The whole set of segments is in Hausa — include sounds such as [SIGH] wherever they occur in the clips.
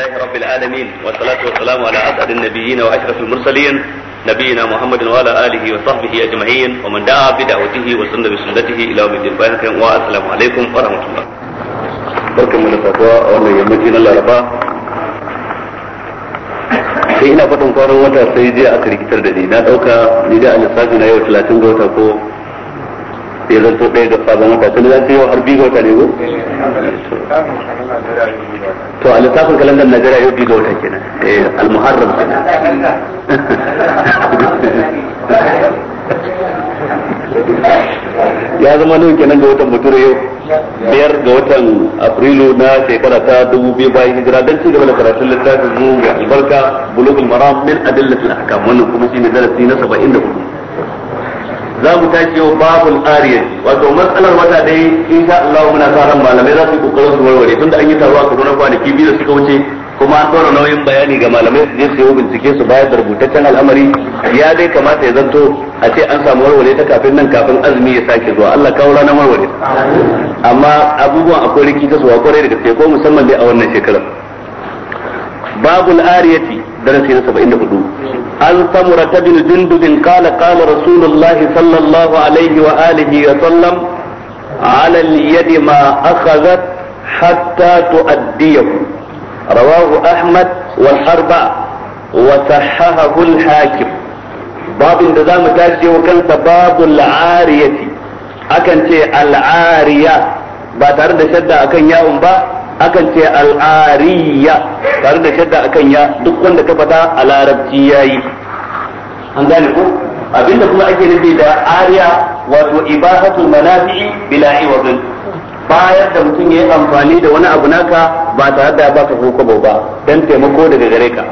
لله رب العالمين والصلاة والسلام على أسعد النبيين وأشرف المرسلين نبينا محمد وعلى آله وصحبه أجمعين ومن دعا بدعوته وسن بسنته إلى يوم الدين والسلام عليكم ورحمة الله barkan mu da fatuwa a wannan yammaci na laraba sai ina fatan kwanan wata sai jiya aka rikitar da ni na dauka ni da an lissafi na yau 30 ga wata ko sai zan to ɗaya ga sabon wata tun zan yau har biyu ga wata ne ko to a littafin kalandar najeriya yau biyu ga wata kenan eh almuharram kenan [LAUGHS] ya zama nawa kenan ga watan bature yau biyar ga watan afrilu na shekara ta dubu biyu bayan hijira don ci gaba da karatun littafin mu ga albarka bulugul maram min adillatul ahkam wannan kuma shine darasi na 74 za mu tashi yau babul ariyati wato matsalar wata dai in sha Allah muna sa ran malamai za su yi kokarin su warware tunda an yi taro a Kaduna kwanaki biyu da suka wuce kuma an ɗora nauyin bayani ga malamai su je su yi bincike su bayar da rubutaccen al'amari ya dai kamata ya zanto a ce an samu warware ta kafin nan kafin azumi ya sake zuwa Allah kawo ranar warware amma abubuwan akwai ta su kwarai da gaske ko musamman dai a wannan shekarar babul ariyati darasi na 74 عن ثمرة بن جندب قال قال رسول الله صلى الله عليه وآله وسلم على اليد ما أخذت حتى تؤديه رواه أحمد والأربع وصححه الحاكم باب انتظام تاشي وكانت باب العارية أكن العارية ba tare da shadda akan yawon ba akan ce al'ariya tare da shadda akan ya duk wanda ka fata a larabci yayi an gane ko abinda kuma ake nufi da ariya wato ibahatul manafi bila iwadin bayar da mutum ya yi amfani da wani abu naka ba tare da baka ka ba dan taimako daga gare ka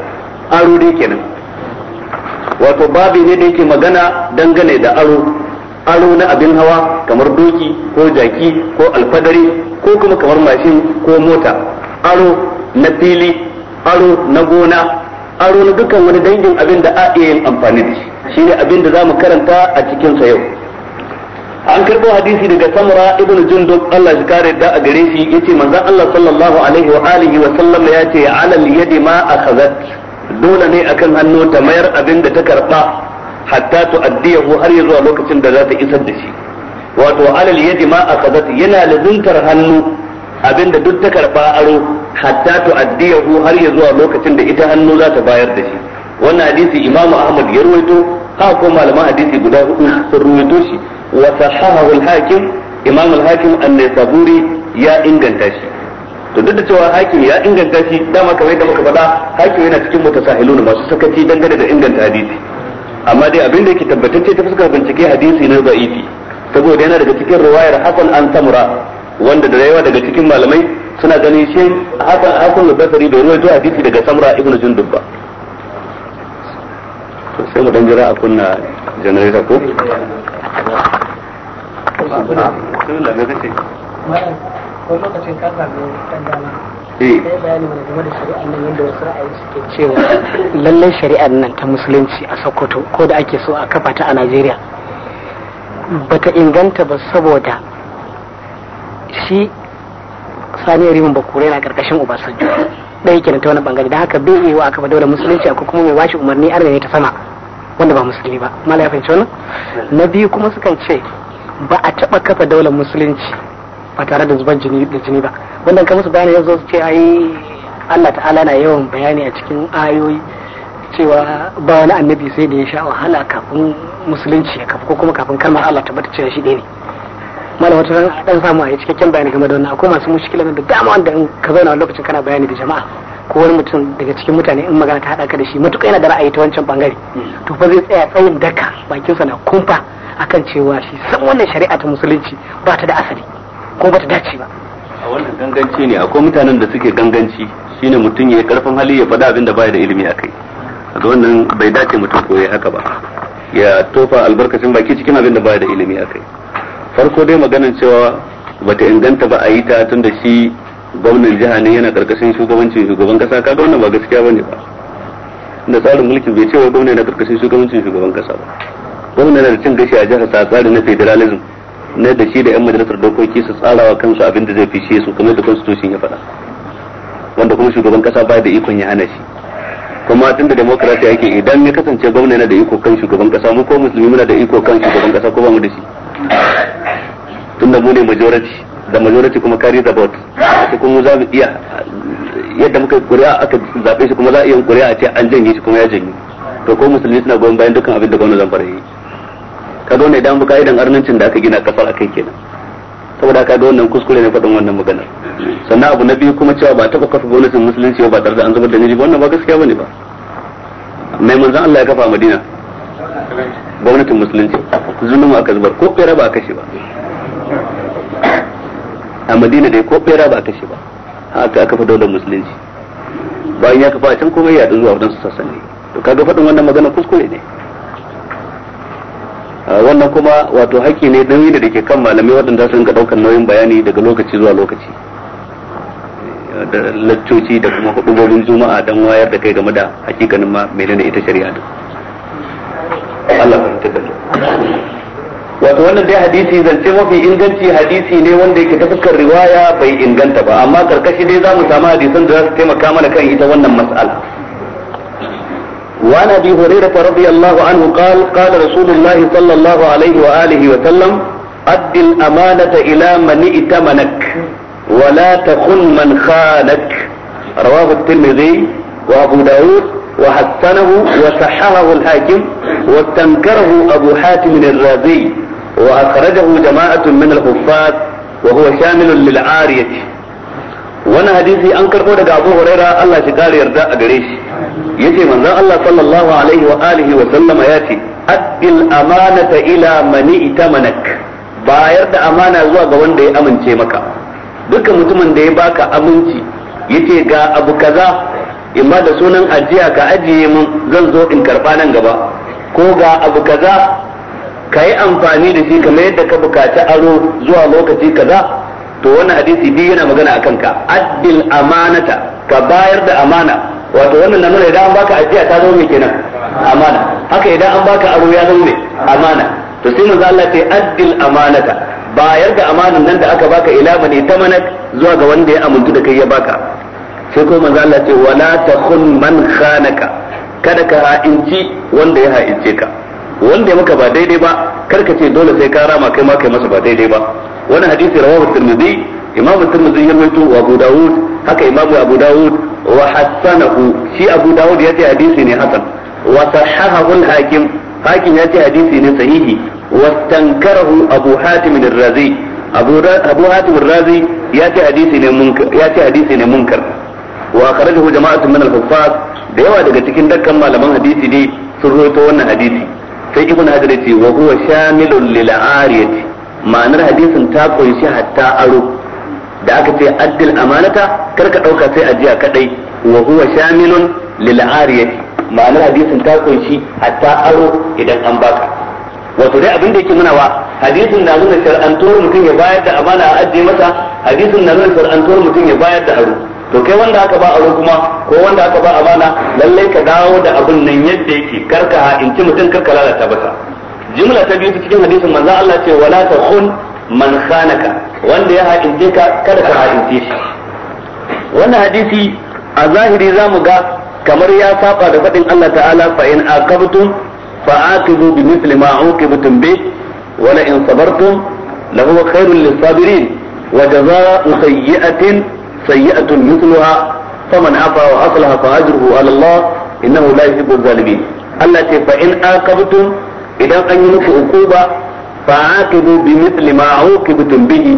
aro dai kenan wato babi ne da yake magana dangane da aro aro na abin hawa kamar doki ko jaki ko alfadari ko kuma kamar mashin ko mota aro na fili aro na gona aro na dukkan wani dangin abin da a iya yin amfani da shi shine abin da zamu karanta a cikin sa yau an karbo hadisi daga samura ibnu jundub Allah ya kare da a gare shi yace manzon Allah sallallahu alaihi wa alihi wa sallam yace alal yadi ma akhadhat dole ne akan hannu ta mayar abin da ta karba hatta tu'addiyahu har ya zuwa lokacin da za ta isar da shi wato alal yadi ma akadat yana lazuntar hannu abinda duk ta karba aro hatta tu'addiyahu har ya zuwa lokacin da ita hannu za ta bayar da shi wannan hadisi imamu ahmad ya ruwaito haka ko malaman hadisi guda hudu sun ruwaito shi wa sahahahu al-hakim imam al-hakim an ya inganta shi to duk da cewa hakim ya inganta shi dama kamar yadda muka faɗa hakim yana cikin mutasahilun masu sakaci dangane da inganta hadisi amma dai abin da yake ce ta fuskar bincike hadisi ne da'ifi saboda yana daga cikin riwayar hasan an samura wanda da yawa daga cikin malamai suna ganin shi hasan hasan al da bai ruwaito hadisi daga samura ibnu jundub ba to sai mu dan a kunna generator ko wani lokacin eh. ka samu dan dama sai bayani mana game da shari'ar nan yadda wasu ra'ayi suke cewa lallai shari'ar nan ta musulunci a Sokoto ko da ake so a kafa ta a Najeriya bata inganta ba saboda shi sani rimin bakure na karkashin Obasanjo ɗaya kenan ta wani bangare da haka bai yiwa aka da musulunci ko kuma mai washe umarni arna ne ta sama wanda ba musulmi ba mala ya fahimci wannan na biyu kuma sukan ce ba a taɓa kafa daular musulunci ba tare da zuban jini da jini ba wannan ka musu bayani yanzu su ce ai Allah ta'ala na yawan bayani a cikin ayoyi cewa ba wani annabi sai da ya sha wahala kafin musulunci ya kafa ko kuma kafin kalmar Allah ta bata cewa shi ɗaya ne malam wata dan samu a cikakken bayani game da wannan akwai masu mushkila da dama wanda in ka zauna lokacin kana bayani da jama'a ko wani mutum daga cikin mutane in magana ta haɗa ka da shi matuƙa yana da ra'ayi ta wancan bangare hmm. to fa zai tsaya tsayin daka bakinsa na kumfa akan cewa shi san wannan shari'a ta musulunci ba ta da asali ko bata dace ba a wannan ganganci ne akwai mutanen da suke ganganci shine mutum ya karfin hali ya faɗa abin da baya da ilimi a a ga wannan bai dace mutum ko ya haka ba ya tofa albarkacin baki cikin abin da baya da ilimi a kai farko dai maganan cewa bata inganta ba a yi ta tun da shi gwamnan jiha ne yana karkashin shugabancin shugaban kasa kaga wannan ba gaskiya bane ba da tsarin mulkin bai cewa gwamna yana karkashin shugabancin shugaban kasa ba gwamna yana da cin gashi a jihar sa tsarin na federalism na da shi da yan majalisar dokoki su tsara wa kansu abin da zai fishe su kamar da constitution ya faɗa wanda kuma shugaban kasa ba da ikon ya hana shi kuma tunda demokrasi yake idan ya kasance gwamna yana da iko kan shugaban kasa mu ko musulmi muna da iko kan shugaban kasa ko ba mu da shi tunda mu ne majority da majority kuma carry the vote sai kuma za mu iya yadda muka kuri'a aka zabe shi kuma za a iya kuri'a ce an janye shi kuma ya janye to ko musulmi suna goyon bayan dukkan abin da gwamna zan fara yi ka zo ne idan buka ka'idan arnancin da aka gina kasar akai kenan saboda ka don nan kuskure ne faɗin wannan magana sannan abu na biyu kuma cewa ba taɓa kafa gwamnatin musulunci ba tare da an zubar da jini wannan ba gaskiya bane ba mai manzon Allah ya kafa Madina gwamnatin musulunci zulumu aka zubar ko bera ba kashe ba a Madina dai ko bera ba kashe ba haka aka kafa daular musulunci bayan ya kafa a can komai ya zuwa wadansu sassan ne to kaga fadin wannan magana kuskure ne Eh, wannan kuma wato haƙƙi ne nauyi da dake kan malamai waɗanda su ga ɗaukar nauyin bayani daga lokaci zuwa lokaci eh, da laccoci da kuma hudubobin juma'a don wayar da kai game da hakikanin ma menene ita shari'a da Allah ta wato wannan dai hadisi zance mafi inganci hadisi ne wanda yake ta riwaya bai inganta ba amma karkashi dai za mu samu hadisan da za su taimaka mana kan ita wannan mas'ala وعن ابي هريره رضي الله عنه قال قال رسول الله صلى الله عليه واله وسلم اد الامانه الى من ائتمنك ولا تخن من خانك رواه الترمذي وابو داود وحسنه وصححه الحاكم واستنكره ابو حاتم الرازي واخرجه جماعه من الحفاظ وهو شامل للعاريه wannan hadisi an karbo daga Abu Huraira Allah shi kare yarda a gare shi yace manzon Allah sallallahu alaihi wa alihi wa sallama yace addil amanata ila mani ita itamanak bayar da amana zuwa ga wanda ya amince maka dukkan mutumin da ya baka aminci yace ga abu kaza in ba da sunan ajiya ka ajiye mun zan zo in karba nan gaba ko ga abu kaza ka yi amfani da shi kamar yadda ka bukaci aro zuwa lokaci kaza to wannan hadisi biyu yana magana akan ka addil amanata ka bayar da amana wato wannan nan idan an baka ajiya ta zama mai kenan amana haka idan an baka aro ya zama ne amana to sai manzo Allah ya addil amanata bayar da amanan nan da aka baka ila mani tamanak zuwa ga wanda ya amintu da kai ya baka sai ko manzo Allah ce wala takhun man khanaka kada ka ha'inci wanda ya ha'ince ka wanda ya maka ba daidai ba karka ce dole sai ka rama kai ma kai masa ba daidai ba wani hadisi rawahu tirmidhi imamu tirmidhi ya rawaito wa abu daud haka imamu abu daud wa hasanahu shi abu daud yace hadisi ne hasan wa sahahahu al-hakim hakim yace hadisi ne sahihi واستنكره أبو حاتم الرازي أبو, را... أبو حاتم الرازي ياتي حديث منكر ياتي حديث منكر وأخرجه جماعة من الحفاظ da yawa daga cikin dukkan malaman hadisi ne sun rawaito wannan hadisi sai ibn hajar yace wa huwa shamilun lil ariyati ma'anar hadisin ta kunshi hatta aro da aka ce addil amanata karka ka dauka sai ajiya kadai wa huwa shamilun lil ariyati ma'anar hadisin ta kunshi hatta aro idan an baka wato dai abin da yake nuna wa hadisin na nuna shar'antuwar mutum ya bayar da amana a ajiye masa hadisin na nuna shar'antuwar mutum ya bayar da aro to kai wanda aka ba aro kuma ko wanda aka ba amana lallai ka dawo da abin nan yadda yake karka ha in ci mutum karka lalata masa jumla ta biyu cikin hadisin manzo Allah ce wala takhun man khanaka wanda ya haƙince ka kada ka haƙince shi wannan hadisi a zahiri zamu ga kamar ya saba da faɗin Allah ta'ala fa in aqabtum fa aqibu bi mithli ma uqibtum bi wa la in sabartum lahu khairul lisabirin wa jazaa'u sayyi'atin sayyi'atun mithluha faman afa wa aslaha fa ajruhu ala Allah innahu la yuhibbu adh-dhalimin Allah ce fa in aqabtum idan an yi muku ukuba fa'aqibu bi mithli ma uqibtum bihi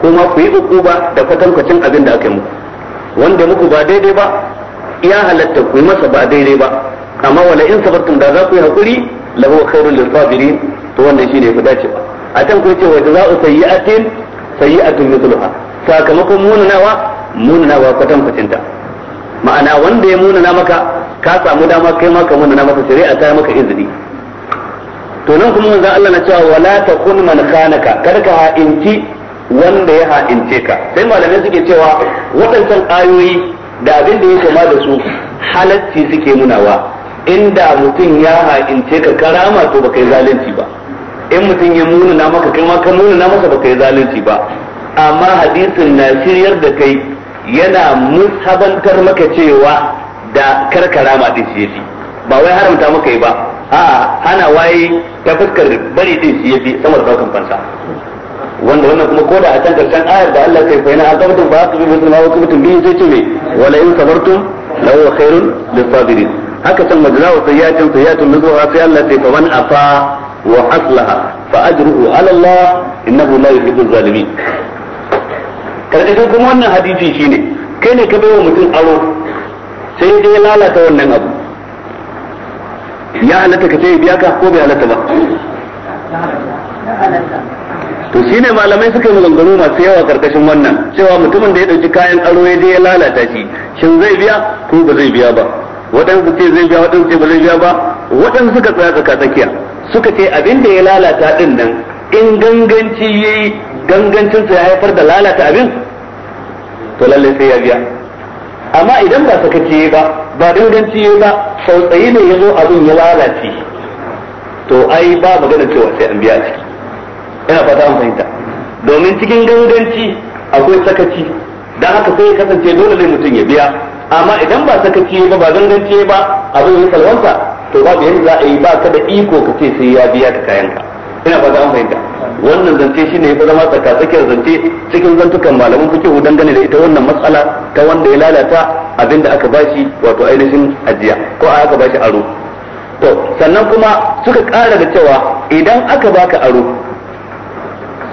kuma ku yi ukuba da kwatankwacin abin da aka yi muku wanda muku ba daidai ba ya halatta ku yi masa ba daidai ba amma wala in sabartum da za ku yi hakuri lahu khairul lisabirin to wannan shine ya fi ba. a can kun ce wa jaza'u sayyi'atin sayyi'atun mithluha sakamakon munanawa munanawa kwatankwacin ta ma'ana wanda ya munana maka ka samu dama kai ma ka munana maka shari'a ta maka izini to nan kuma manzon Allah na cewa wala takun man khanaka kar ka ha'inci wanda ya ha'ince ka sai malamai suke cewa waɗancan ayoyi da abin da ya kama da su halacci suke nunawa inda mutum ya ha'ince ka karama to baka yi zalunci ba in mutum ya munana maka kai ma ka na masa baka yi zalunci ba amma hadisin na shiryar da kai yana mushabantar maka cewa da karkara ma din shi ba wai haramta maka yi ba a'a hana waye ta fuskar bari din shi yafi sama daukan fansa wanda wannan kuma koda a can karshen ayar da Allah kai fa ina aqabtum ba aqabu bi ma waqabtum bi zai ce me wala in sabartum la huwa khairun lis sabirin haka can majlawa sayyatin sayyatun nuzura sai Allah sai fa man afa wa aslaha fa ajruhu ala Allah innahu la yuhibbul zalimin karkashin kuma wannan hadisi shine kai ne ka bai wa mutum aro sai dai lalata wannan abu ya halatta ka sai biya ka ko bai halatta ba to shine malamai suka yi maganganu masu yawa karkashin wannan cewa mutumin da ya dauki kayan aro ya je ya lalata shi shin zai biya ko ba zai biya ba waɗansu ce zai biya waɗansu ce ba zai biya ba waɗansu suka tsaya tsaka tsakiya suka ce abin da ya lalata din nan in ganganci yayi gangancinsa ya haifar da lalata abin to lallai sai ya biya amma idan ba sakaci ba ba danganci ba tsaye ne ya zo abin ya lalace to ai ba magana cewa sai an biya ciki ina fata an fahimta domin cikin danganci akwai sakaci dan haka sai ya kasance dole ne mutum ya biya amma idan ba sakaci ba ba ganganci ba abin ya salwanta to ba yadda za a yi ba ka da iko ka ce sai ya biya ka kayanka ina fata an fahimta wannan zance shine ya fi zama tsakatsakiyar zance cikin zantukan malaman fikihu dangane da ita wannan matsala ta wanda ya lalata abin da aka bashi wato ainihin ajiya ko a aka bashi aro to sannan kuma suka ƙara da cewa idan aka baka aro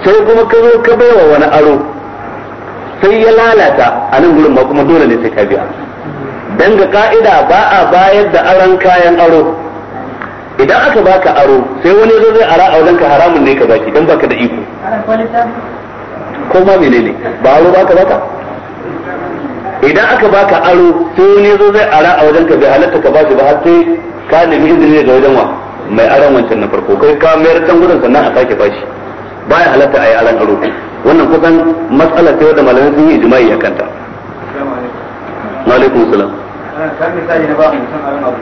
sai kuma ka zo ka baiwa wani aro sai ya lalata a nan gurin ba kuma dole ne sai ka biya dan ga ka'ida ba a bayar da aron kayan aro idan aka baka aro sai wani zo zai ara auren ka haramun ne ka baki dan baka da iko ko ma menene ba aro baka baka idan aka baka aro sai wani zo zai ara auren ka bai halatta ka baki ba har sai ka nemi izini ga wajen wa mai aron wancan na farko kai ka mayar can gudun sannan a sake bashi baya halatta a yi aron aro wannan kusan matsala ta wadda malamai sun yi ijimai ya kanta. Wa alaikum salam. Kan misali na ba mutum aron abu.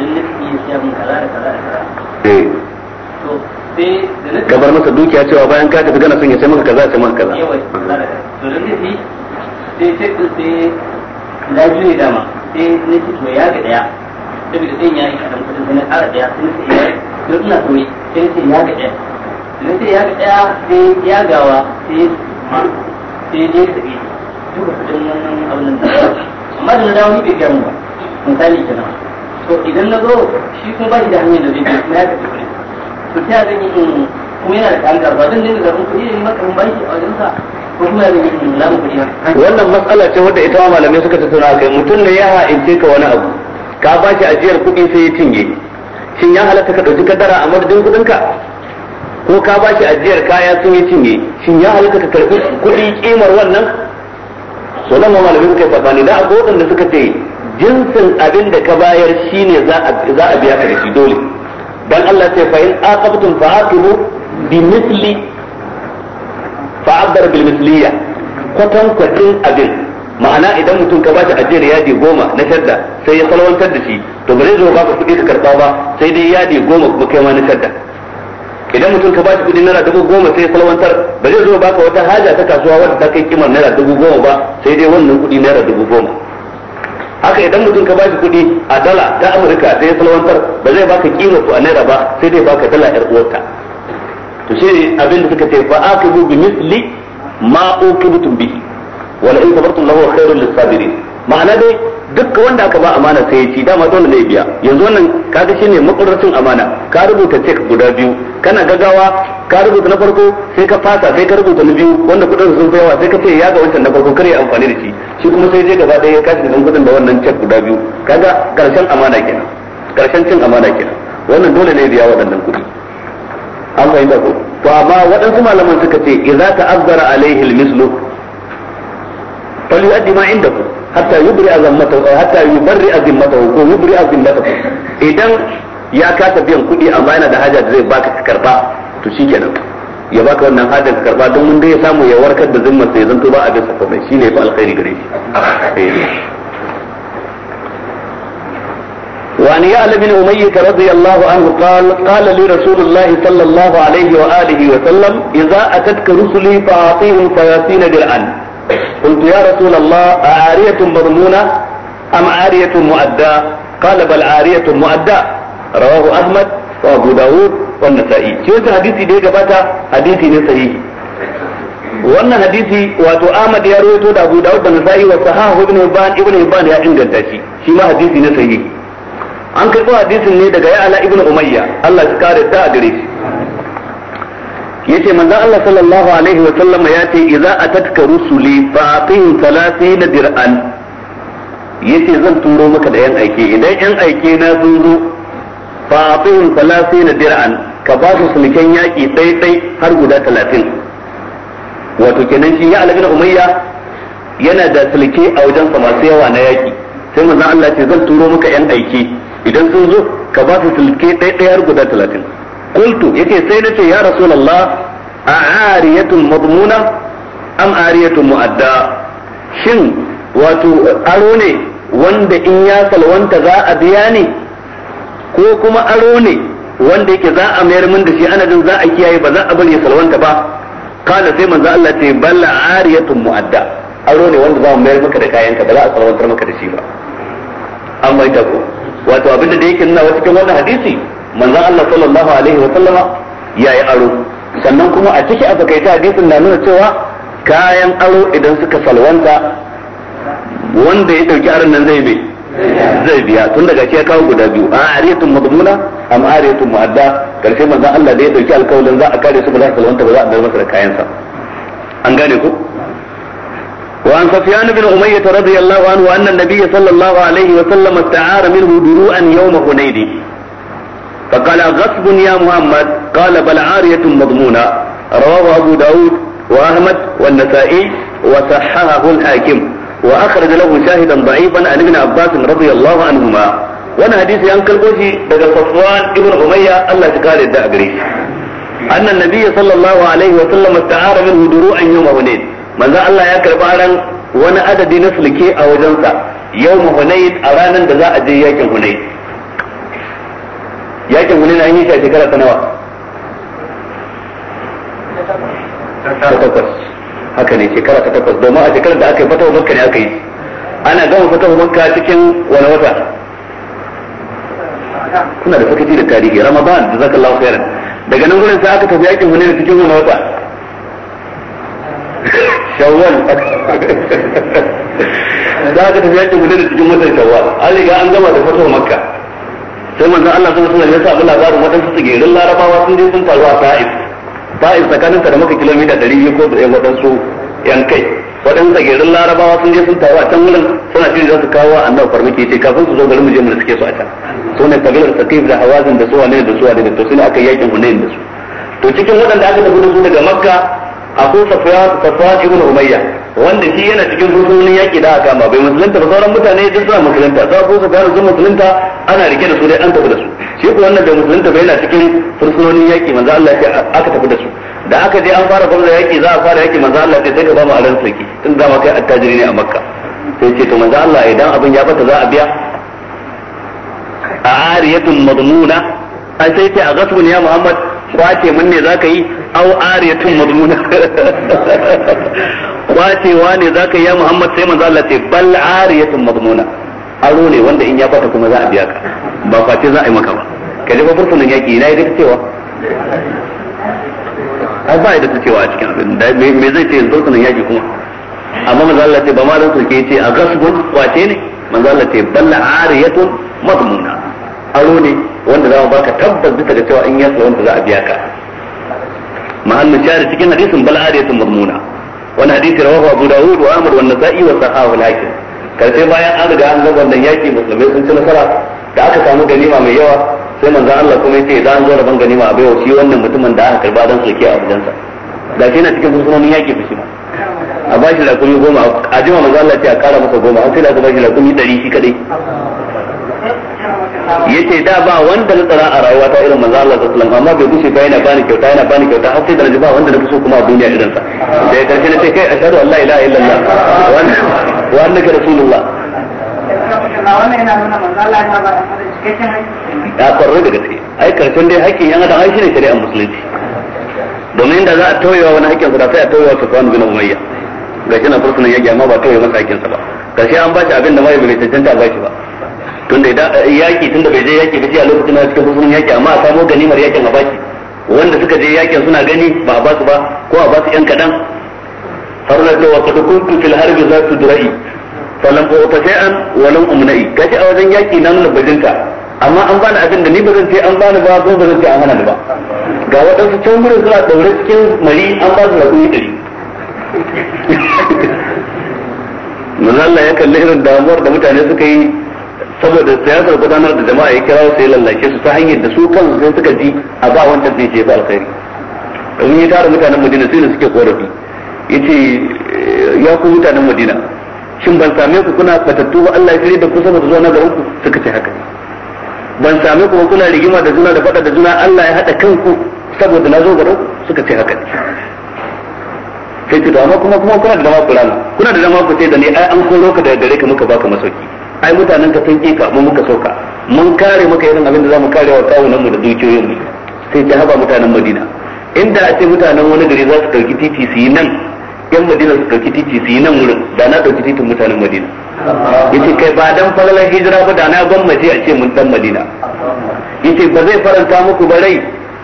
Eh. ka bar masa dukiya cewa bayan ka tafi gana sanya sai maka kaza sai maka kaza sai sai sai na juye dama sai na to ya ga daya saboda sai ya yi kadan kudin sai na ƙara daya sai na ya to ina sauri sai sai ya ga daya sai ya ga daya sai ya gawa sai ma sai dai sai duka kudin wannan abin da amma da na dawo ni bai gaya ba misali kenan to idan na zo shi kuma ba shi da hanyar da zai je kuma ya tafi kuɗi to ta zan yi in kuma yana da kalanda ba zan dinga zafin kuɗi ne maka in ba shi a wajen wajensa wannan matsala ce wadda ita ma malamai suka tattauna kai mutum ne ya ha'ince ka wani abu ka ba shi ajiyar kuɗi sai ya cinye shin ya halatta ka ɗauki kadara a madadin kuɗin ka ko ka ba shi ajiyar kaya sun yi cinye shin ya halatta ka karɓi kuɗi kimar wannan so ma malamai suka yi fasani da akwai waɗanda suka ce jinsin abin da ka bayar shine za a biya ka da shi dole dan Allah sai fa in aqabtum fa aqibu bi misli fa abdar bil misliya kwatan kwatin abin ma'ana idan mutum ka bashi ajiyar yadi goma na shadda sai ya salwantar da shi to ba zai zo ba kuɗi ka karɓa ba sai dai yadi goma kuma kai ma na shadda idan mutum ka bashi kudi naira dubu goma sai salwantar ba zai zo ka wata haja ta kasuwa wadda ta kai kimar naira dubu goma ba sai dai wannan kudi naira dubu goma haka idan mutum ka bashi kuɗi a dala ta amurka ta ya salwantar ba zai baka kima ko a naira ba sai dai baka dala yar uwarka to shi ne abin da suka ce fa aqibu bi misli ma uqibtum bihi wala in sabartum lahu khairul lisabirin ma'ana dai duk wanda aka ba amana sai ya ci dama dole ne biya yanzu wannan kaga shine makurrancin amana ka rubuta cek guda biyu kana gagawa ka rubuta na farko sai ka fasa sai ka rubuta na biyu wanda kudin sun zo yawa sai ka ce ya ga wancan na farko kare amfani da shi shi kuma sai je gaba ɗaya ya kashi da kudin da wannan cek guda biyu kaga karshen amana kenan karshen cin amana kenan wannan dole ne biya waɗannan kuɗi an fahimta ko to amma waɗansu malaman suka ce idza ta'azzara alaihi al-mislu falyu'addi ma indakum hatta yubri azammatahu hatta yubarri azammatahu ko yubri azammatahu idan ya kasa biyan kuɗi amma yana da haja da zai baka ka karba to shikenan ya baka wannan hadin karba don wanda ya samu ya warkar da zimmar sai zanto ba a bisa komai shine fa alkhairi gare shi وعن يعلى بن أمية رضي الله عنه قال قال لي رسول الله صلى الله عليه وآله وسلم إذا أتتك رسلي فأعطيهم ثلاثين درعا قلت يا رسول الله أعارية مضمونة أم عارية مؤداة قال بل عارية مؤداة رواه أحمد wa Abu Dawud wa Nasa'i shi wannan hadisi da ya gabata hadisi ne sahihi wannan hadisi wato Ahmad ya rawaito da Abu Dawud da Nasa'i wa Sahih ibn Hibban ibn Hibban ya inganta shi shi ma hadisi ne sahihi an ko hadisin ne daga Ya'la ibn Umayya Allah ya kare ta gare shi yace manzo Allah sallallahu alaihi wa sallama ce idza atatka rusuli fa atihim 30 dir'an yace zan turo maka da yan aike idan yan aike na sun zo fa atihim salasina dir'an ka ba su sulken yaki dai dai har guda 30 wato kenan shi ya na umayya yana da sulke a wajen sa masu yawa na yaki sai manzon Allah ce zan turo maka yan aiki idan sun zo ka ba su sulke dai dai har guda 30 qultu yake sai nace ya rasulullah a'ariyatun madmuna am ariyatun mu'adda shin wato aro ne wanda in ya salwanta za a biya ne ko kuma aro ne wanda yake za a mayar min da shi ana jin za a kiyaye ba za a bari ya salwanta ba kana sai manzo Allah ce balla ariyatun muadda aro ne wanda za mu mayar maka da kayanka ba za a salwantar maka da shi ba an bai ta ko wato abinda da yake nuna cikin wannan hadisi manzo Allah sallallahu alaihi wa sallama yayi aro sannan kuma a ciki a ita hadisin na nuna cewa kayan aro idan suka salwanta wanda ya dauki aron nan zai bai zai biya tun daga ya kawo guda biyu a ariyatun madmuna am ariyatun mu'adda karshe manzon Allah da ya dauki alƙawarin za a kare su ba za a salwanta ba za a dar masa da kayansa an gane ko وعن سفيان بن أمية رضي الله عنه أن النبي صلى الله wa وسلم استعار منه دروعا يوم حنين فقال غصب يا محمد قال بل عارية مضمونة رواه أبو داود وأحمد والنسائي وصححه الحاكم وأخرج له شاهدا ضعيفا عن ابن عباس رضي الله عنهما وانا حديث عن كالبوشي دقى صفوان ابن أمية الله تقال الداء أن النبي صلى الله عليه وسلم استعار منه دروعا يوم هنين من ذا الله يكرب عرن وانا عدد نسلك أو جنسا يوم هنين أرانا دزاء جي ياكم هنين yakin wani na yi shekara ta nawa ta takwas haka ne shekara ta takwas domin a shekarar da aka yi fatawa makka ne aka yi ana gama fatawa makka cikin wani wata kuna da sakaci da tarihi ramadan da zaka Allah khairan daga nan gurin sai aka tafi yakin hunain cikin wani wata shawwal da [LAUGHS] aka tafi yakin hunain cikin watan shawwal an riga an gama da fatawa makka sai manzon Allah sallallahu alaihi wasallam ya sa labarin wadansu tsigirin larabawa sun je sun taru a ta'if ta'if tsakaninta da maka kilomita ɗari biyu ko da waɗansu yan kai waɗansa gerin larabawa sun je sun taru a can wurin suna cikin za su kawo a annabi farmaki ce kafin su zo garin mu je mu suke su a can su ne kabilar sakif da hawazin da suwa ne da suwa ne da to sai aka yakin hunain da su to cikin waɗanda aka tafi da su daga makka akwai safwan safwan ibn umayya wanda shi yana cikin rukunin yaki da aka ma bai musulunta ba sauran mutane duk suna musulunta za ku safwan sun musulunta ana rike da su dai an tafi da su shi ko wannan bai musulunta bai yana cikin fursunonin yaki manzo Allah ya aka tafi da su da aka je an fara gwamnati yaki za a fara yaki manzo Allah sai ka ba mu aran sarki tun da ma kai attajiri ne a makka sai ce to manzo Allah idan abin ya bata za a biya a ariyatun madmuna an sai ce a gasbun ya muhammad kwace mun ne zaka yi au ariyatun mazmuna [LAUGHS] kwacewa ne zaka yi ya Muhammad sai manzo Allah ce bal ariyatun mazmuna aro ne wanda in ya kwata kuma za a biya ka ba kwace za a yi maka ba ka ji ba fursunan yaki ina da cewa a ba da cewa a cikin abin da me zai ce fursunan yaki kuma amma manzo Allah ce ba ma dan soke ce a gasgun kwace ne manzo Allah ce bal ariyatun mazmuna aro ne wanda za mu baka tabbas bisa ga cewa in ya tsawon za a biya ka mahallu shari cikin hadisin bal sun murmuna. wani hadisi rawahu abu dawud wa amr wa nasa'i wa sahahu al-hakim karshe bayan an riga an ga wannan yaki musulmai sun ci nasara da aka samu ganima mai yawa sai manzon Allah kuma yace za an zo da ban ganima a baiwa shi wannan mutumin da aka karba dan soke a wajensa da shi na cikin sunanin yaki fushi ma a bashi da kuma goma a jima manzon Allah ce a kara masa goma an kai da aka bashi da kuma 100 shi kadai yace da ba wanda na tsara a rayuwa ta irin manzo Allah sallallahu alaihi wasallam amma bai gushe ba yana bani kyauta yana bani kyauta har sai da naji ba wanda na so kuma a duniya irin sa da ya karshe na sai kai ashhadu an la ilaha illallah wa annaka rasulullah wannan yana nuna kwarar da gaske ai karshen dai haƙƙin yan adam ai shine shari'ar musulunci domin da za a tauyewa wani haƙƙin da sai a tauyewa Sufyan bin Umayya ga shi na fursunan yaƙi amma ba tauye masa haƙƙinsa ba karshe an ba shi abin da mai bai cancanta ba shi ba tunda idan eh, yaki tunda bai je yaki ba a lokacin da suka zo yaki amma a samo ganimar yakin a baki wanda suka je yakin suna gani ba a basu ba ko a basu yan kadan na da wata kuntu fil harbi za su durai falan ko ta an walan umnai kaje a wajen yaki na nuna bajinta amma an bani abin da ni ba zan ce an bani ba ko ba zan ce an hana ni ba ga waɗansu can gurin suna ɗaure cikin mari an ba su da kuɗi ɗari [LAUGHS] manzo Allah ya kalli irin damuwar da mutane suka yi saboda siyasar gudanar da jama'a ya kira sai lallace su ta hanyar da su kan sai suka ji a ba wancan zai ce ba alkhairi domin ya tara mutanen madina sai da suke korafi ce ya ku mutanen madina shin ban same ku kuna batattu ba Allah ya shirye da ku saboda zuwa na garin ku suka ce haka ban same ku ba kuna rigima da juna da faɗa da juna Allah ya haɗa kanku saboda na zo garin ku suka ce haka sai ce da amma kuma kuma kuna da dama kula kuna da dama ku sai da ne ai an koro ka da gare ka muka baka masauki ai mutanen ka sun ka mun muka sauka mun kare maka irin abin da zamu kare wa kawunan mu da dukiyoyin mu sai ta haba mutanen Madina inda a ce mutanen wani gari za su dauki titi su yi nan yan Madina su dauki titi su yi nan wurin da na dauki titin mutanen Madina yace kai ba dan falalar hijira ba da na gwamnati a ce mun dan Madina yace ba zai faranta muku ba rai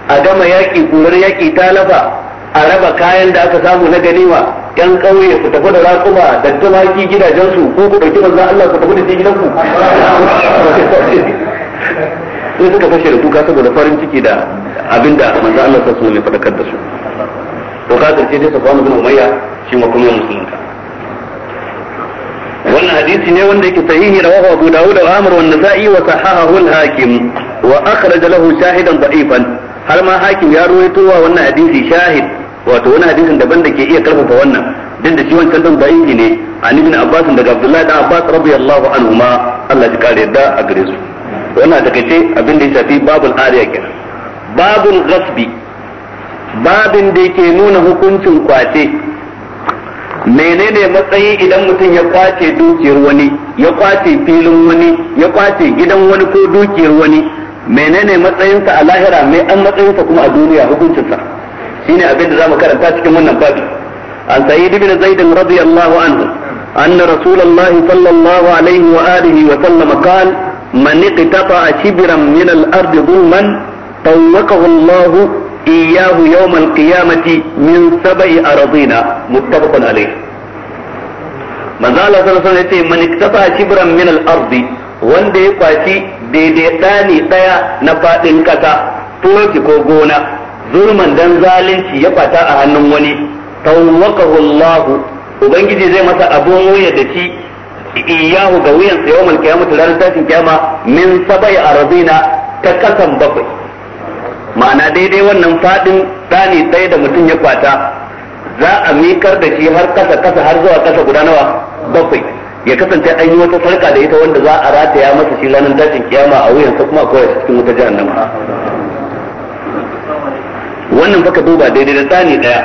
a gama yaki kurar yaki talafa a raba kayan da aka samu na ganima yan ƙauye ku tafi da rakuma da tumaki gidajensu ko ku ɗauki manzan Allah ku tafi da shi ku. sai suka fashe da kuka saboda farin ciki da abinda manzan Allah sa su ne faɗakar da su to ka karshe dai Safwan bin Umayya shi ma kuma musulunta wannan hadisi ne wanda yake sahihi rawahu Abu Dawud da Amr wa sa'i wa sahahahu al-Hakim wa akhraj lahu shahidan da'ifan har ma hakim ya ruwaito wa wannan hadisi shahid wato wani hadisin daban da ke iya karfafa wannan din da shi wancan dan da'ifi ne an ibn abbas daga abdullahi da abbas radiyallahu anhuma Allah ya kare da a gare su wannan da kace abin da ya shafi babul ariya kenan babul ghasbi babin da yake nuna hukuncin kwace menene matsayi idan mutum ya kwace dukiyar wani ya kwace filin wani ya kwace gidan wani ko dukiyar wani menene matsayinsa a lahira mai an matsayinsa kuma a duniya hukuncinsa shine abin da zamu karanta cikin wannan babi an sa'id ibn zaid radiyallahu anhu anna rasulullah sallallahu alaihi wa alihi wa sallam qala man iqtata shibran min al-ard dhulman tawqahu Allah إياه يوم القيامة من سبع أراضين متفق عليه من ذا الله صلى الله عليه وسلم من اكتفى min al الأرض wanda ya kwaci daidai ɗani ɗaya na faɗin ƙasa turoki ko gona zulman dan zalunci ya kwata a hannun wani tawwakahu Allahu ubangiji zai masa abun wuya da shi iyahu ga wuyan sa yawmal qiyamati ranar tashin kiyama min sabai arzina ta kasan bakwai ma'ana daidai wannan fadin dani ɗaya da mutum ya kwata za a mikar da shi har kasa kasa har zuwa kasa guda nawa bakwai ya kasance an yi wata sarka da ita wanda za a rataya masa shi ranar tashin kiyama a wuyan sa kuma akwai cikin wuta nan. wannan baka duba daidai da tsani daya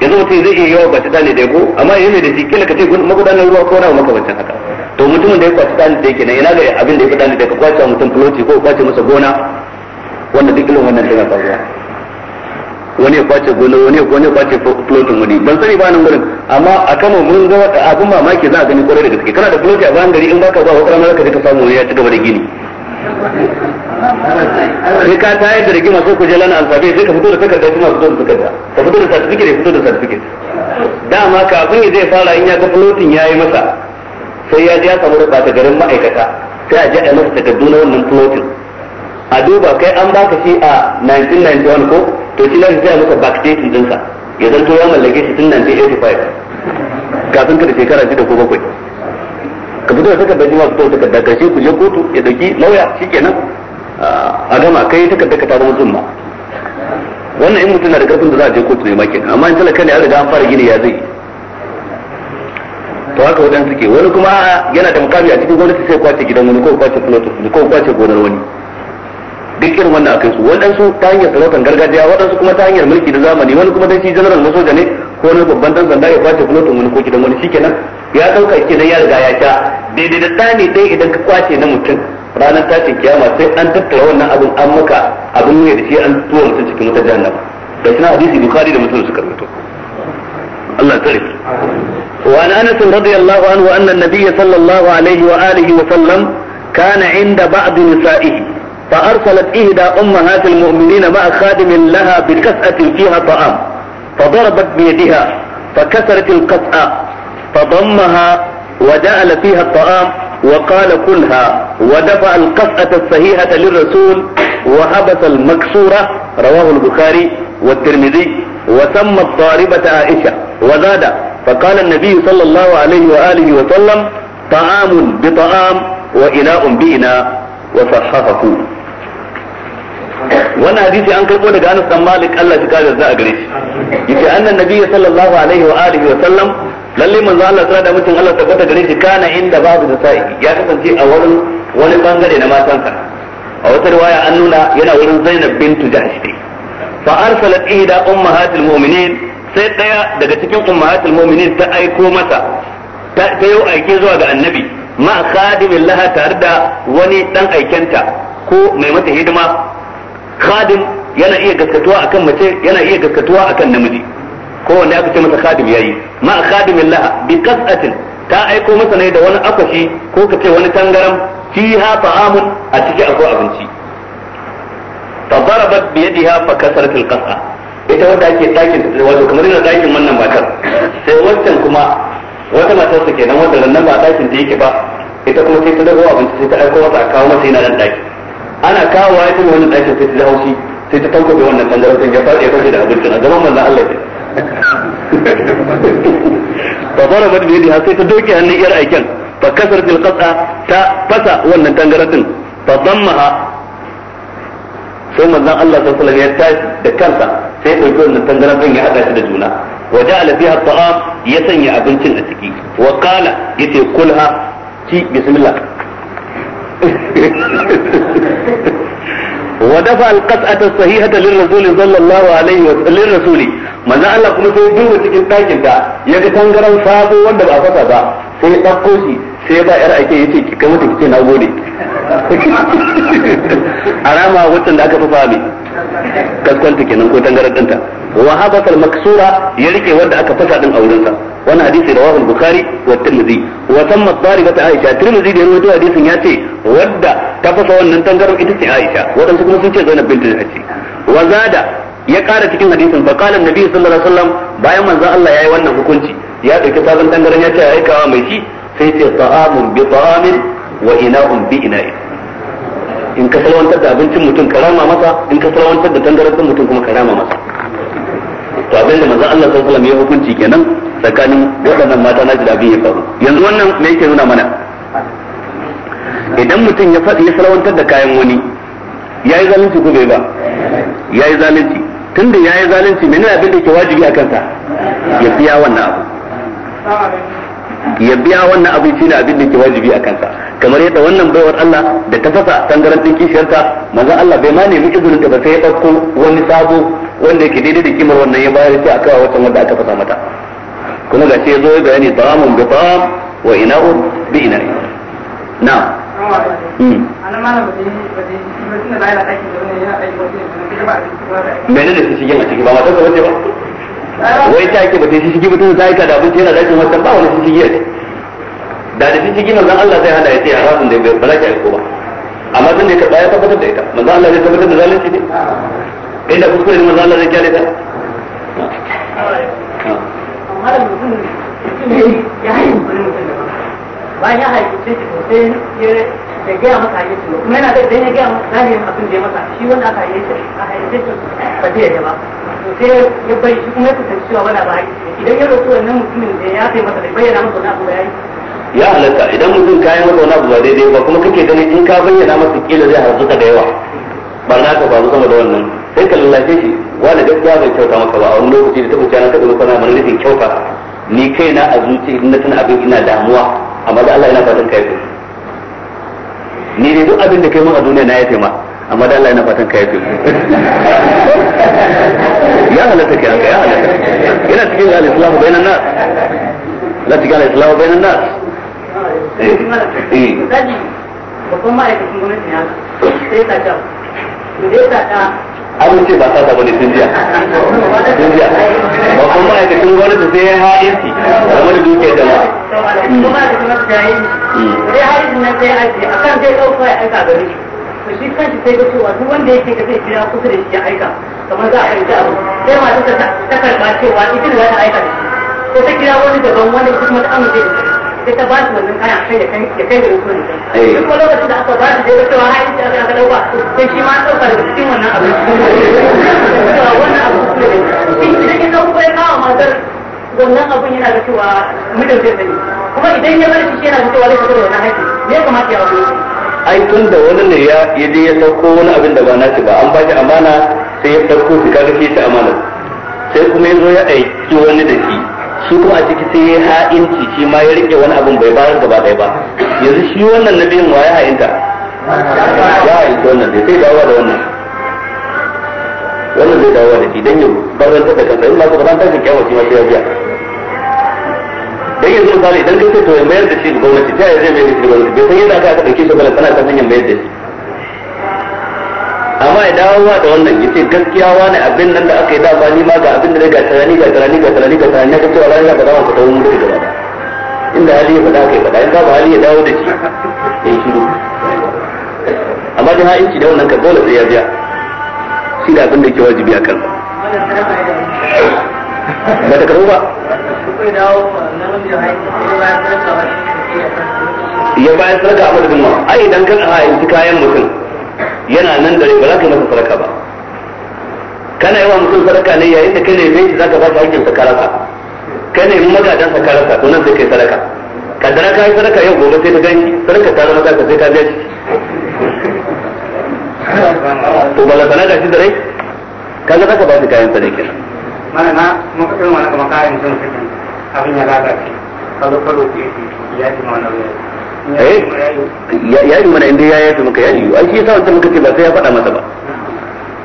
yanzu mutum zai iya yawa ba tsani daya ko amma yana da shi kila ka ce magudanar ruwa ko nawa makamancin haka to mutumin da ya kwaci tsani daya kenan yana ga abin da ya fada ne daga kwace mutum fuloti ko kwace masa gona wanda duk irin wannan tana faruwa wani ya kwace gona wani ya wani kwace flotin wani ban sani ba nan gurin amma a kano mun ga abin mamaki za a gani kwarai da gaske kana da floti a bayan gari in baka ba wa karamar ka je ka samu ya ci gaba da gini sai ka ta yadda rigima sai ku na lana alfabe sai ka fito da takarda kuma fito da takarda ka fito da certificate ya fito da certificate dama kafin ya zai fara in ya ga floating ya yi masa sai ya je ya samu rubuta garin ma'aikata sai a je a masa takardu na wannan floating a duba kai an baka shi a 1991 ko to shi lafi sai a masa backdating dinsa ya zanto ya mallake shi tun 1985 kafin ka da shekara 6 ko bakwai ka fito da takardar jima fito da takardar karshe ku je kotu ya dauki lauya shikenan a gama kai takardar ka ta zama zumma wannan in mutum na da karfin da za a je kotu ne ma kenan amma in talaka ne an riga an fara gini ya zai to haka wadan suke wani kuma yana da mukami a cikin gwamnati sai kwace gidan wani ko kwace plot ko kwace gonar wani duk irin wannan akai su su ta hanyar sarautar gargajiya su kuma ta hanyar mulki da zamani wani kuma dan shi general na soja ne ko wani babban dan sanda ya kwace plot wani ko gidan wani shikenan ya dauka shi ne ya riga ya sha daidai da tsani dai idan ka kwace na mutum ranar tashin kiyama sai an tattara wannan abin an maka abin ne da shi an tuwa mutum cikin wata jahannama da shi na hadisi bukhari da mutum suka rubuta Allah tsare وعن انس رضي الله عنه ان النبي صلى الله عليه واله وسلم كان عند بعض نسائه فارسلت احدى امهات المؤمنين مع خادم لها بكسأة فيها طعام فضربت بيدها فكسرت القسأة فضمها وجعل فيها الطعام وقال كلها ودفع القصأة الصحيحة للرسول وحبس المكسورة رواه البخاري والترمذي وسمى الطالبة عائشة وزاد فقال النبي صلى الله عليه وآله وسلم طعام بطعام وإناء بإناء وصححه وانا حديثي عن karbo daga Anas dan Malik Allah ya kare أن النبي صلى الله عليه وآله وسلم lalle manzo Allah tsara da mutum Allah tabbata gare shi kana inda babu da sa'i ya kasance a wurin wani bangare na matansa a wata riwaya an nuna yana wurin Zainab bintu Jahsh ne fa arsalat ihda ummahatil mu'minin sai daya daga cikin ummahatil mu'minin ta aiko masa ta yau aike zuwa ga annabi ma khadimin laha tare da wani dan aikenta ko mai mata hidima khadim yana iya gaskatuwa akan mace yana iya gaskatuwa akan namiji Ko kowanne aka ce masa khadim yayi ma khadimin laha bi qas'atin ta aiko masa ne da wani akwashi ko ka ce wani tangaram fiha ta'amun a ciki akwai abinci fadarabat bi yadiha fa kasarat alqas'a ita wanda ake dakin wato kamar yana dakin wannan matar sai wancan kuma wata matar su kenan wanda nan ba dakin da yake ba ita kuma sai ta dago abinci sai ta aiko masa a kawo masa yana nan daki ana kawo wa ya wani dakin sai ta haushi sai ta tankobe wannan tangaram sai ya fara ya fashe da abincin a gaban manzon Allah fa darabat bi yadiha sai ta doke hannun yar aiken fa kasar ta fasa wannan tangaratin fa dammaha sai manzon Allah sallallahu alaihi wasallam ya tashi da kansa sai ɗauki wannan tangaratin ya hada shi da juna wa ja'ala fiha ta'am ya sanya abincin a ciki wa qala yace kulha ci bismillah ودفع القطعة الصحيحة للرسول صلى الله عليه وسلم للرسول manzo Allah kuma sai duba cikin ɗakin ta ya ga tangaran sabo wanda ba fasa ba sai ya ɗauko shi sai ya ba yar ake yace ki kai mutum kike na gode arama [LAUGHS] wutan da aka fafa mai kaskanta kenan ko tangaran ɗinta wa habata al-maksura ya rike wanda aka fasa din auren sa wannan hadisi rawahu al-bukhari wa tirmidhi wa tamma daribata aisha tirmidhi da rawaito hadisin ya ce wadda ta fasa wannan tangaran ita ce aisha wadansu kuma sun ce zainab bint al-hajji wa zada ya ƙara cikin hadisin fa qala annabi sallallahu alaihi wasallam bayan manzon Allah yayi wannan hukunci ya dauki sabon dangaren ya ce aikawa mai shi sai ce ta'amun bi ta'amin wa ina'un bi ina'in in ka salwantar da abincin mutum karama masa in ka salwantar da tangaran mutum kuma karama masa to abin da manzon Allah sallallahu alaihi wasallam ya hukunci kenan tsakanin waɗannan mata na da abin ya faru yanzu wannan me yake nuna mana idan mutum ya faɗi ya salwantar da kayan wani ya yi zalunci ko bai ba ya yi zalunci tunda ya yi zalunci menene abin da ke wajibi a kansa ya biya wannan abu ya biya wannan abu shi ne abin da ke wajibi a kansa kamar yadda wannan baiwar Allah da ta fasa tangaran din kishiyarta maza Allah bai ma nemi izinin da ba sai ya dauko wani sabo wanda yake daidai da kimar wannan ya bayar a aka wata wanda aka fasa mata kuma ga ya zo ya bayani ta'amun bi ta'am wa ina ina'u bi ina ina'i na'am ana mana ba ba da menene da shishigin a ciki ba matar sa ba wai ta yake mutum shishigi mutum ta yi kada da abinci yana dakin wata ba wani shishigi ne da da shishigi manzon Allah zai hana ya ce haramun da bai bala ki aiko ba amma tun da ya karba ya tabbatar da ita manzon Allah zai tabbatar da zalunci ne inda kuskure ne manzon Allah zai kyale ta ya haihu wani mutum da ba ya haihu sai ya da gaya masa hadisi ba kuma yana da dan ya gaya masa zahirin abin da ya masa shi wanda aka yi shi aka yi shi ba zai yi ba to sai ya bai shi kuma ya kusanci cewa wala ba idan ya rasu wannan mutumin da ya kai masa da bayyana masa wani abu yayi ya halatta idan mutum kayan masa wani abu ba daidai ba kuma kake ganin in ka bayyana masa kila zai harzu ka da yawa barna ka faru sama da wannan sai ka lallace shi wani gaskiya bai kyauta maka ba a wani lokaci da ta kuce na kaɗa maka na mana nufin kyauta ni kaina a zuci na tana abin ina damuwa amma da Allah yana fatan kai ni dai duk abin da kai mun a duniya na yafe ma amma da Allah yana fatan ka yafe ya halatta kai ya halatta ina cikin al-islam bainan nas la cikin al-islam bainan nas eh eh babban ma'aikacin gwamnati ne sai ta ta an ba sata bane sun jiya sun jiya ba kuma ma'aikacin gwamnati sai ya da kuma shi kanshi sai ga cewa duk wanda yake ga zai jira kusa da shi ya aika kamar za a fahimci abu sai ta cewa ita da za ta aika da shi ta kira wani daban wanda kuma ta amince da shi sai ta ba shi wannan kayan kai ya kai ya kai da rukun sai eh. lokacin da aka ba shi sai cewa ta da aka dauka sai shi ma dauka da cikin wannan abu [LAUGHS] cewa wannan abu ne shi idan ya dauko ya kawo matar wannan abun yana da cewa mutum zai sani kuma idan ya bar shi yana da cewa zai fitar da wannan haƙƙi me ya kamata ya wuce ai tun da wani ne ya ya je ya sauko wani abin da ba na ba an ba shi amana sai ya sauko shi kaga shi ta amana sai kuma ya zo ya aiki wani da shi shi kuma a ciki sai ya ha'inci shi ma ya rike wani abin bai bayar gaba ɗaya ba yanzu shi wannan na biyun waye ha'inta ya ha'inta wannan bai sai dawowa da wannan wannan bai dawowa da shi dan ya barantar da kansa in ba ka barantar da kyawawa shi ma sai ya biya dan yanzu misali idan kai sai to ya mayar da shi ga gwamnati ta yaya zai mayar da shi ga gwamnati bai san yadda aka aka dauke shi ba tana san hanyar mayar da shi amma ya dawo wa da wannan yace gaskiya wani abin nan da aka yi da ba ni ma ga abin da ga tarani ga tarani ga tarani ga tarani ga cewa ranar da za mu fita mun gaba inda hali ya faɗa kai faɗa in babu hali ya dawo da shi yayi shiru amma da inci da wannan ka dole sai ya biya shi da abin da ke wajibi a kan. ba ta karɓo ba ya bayan sarka a madadin ma ai dan kan a yanki kayan mutum yana nan dare ba za ka yi masa sadaka ba kana yawa mutum sadaka ne yayin da ka neme shi za ka ba shi hakkin sakarasa ka nemi magadan sa to nan sai kai sadaka kaddara ka yi sadaka yau gobe sai ka gani sadaka ta zama ka sai ka biya shi to bala sana da shi da rai ka ga ka ba shi kayan sadaka kenan malama mun ka kai wani kuma kayan sun abin ya lalace ka zo ka roƙe shi ya ji eh ya yi mana inda ya yafe maka ya yi ai shi yasa wancan muka ba sai ya faɗa masa ba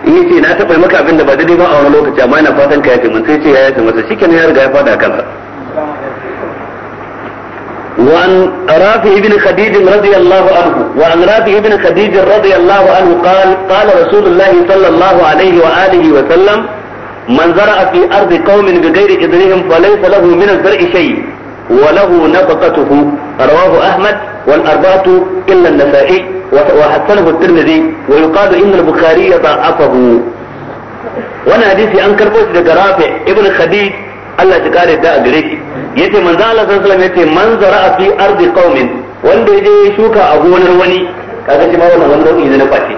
in ce na taɓa maka abin da ba daidai ba a wani lokaci amma ina fatan ka yafe mun sai ce ya yafe masa shikenan ya riga ya faɗa kansa وعن رافع بن خديج رضي الله عنه وعن رافع بن خديج رضي الله عنه قال قال رسول الله صلى الله عليه وآله وسلم من زرع في أرض قوم بغير إذنهم فليس له من الزرع شيء وله نفقته رواه أحمد والأربعة إلا النسائي وحسنه الترمذي ويقال إن البخاري ضعفه وانا حديثي أن كربوش رافع ابن خديج Allah shi kare ta a gare shi yace manzo Allah sallallahu alaihi wasallam yace man zara'a fi ardi qaumin wanda yaje ya shuka a gonar wani kaga shi ma wannan wani nau'i na kwace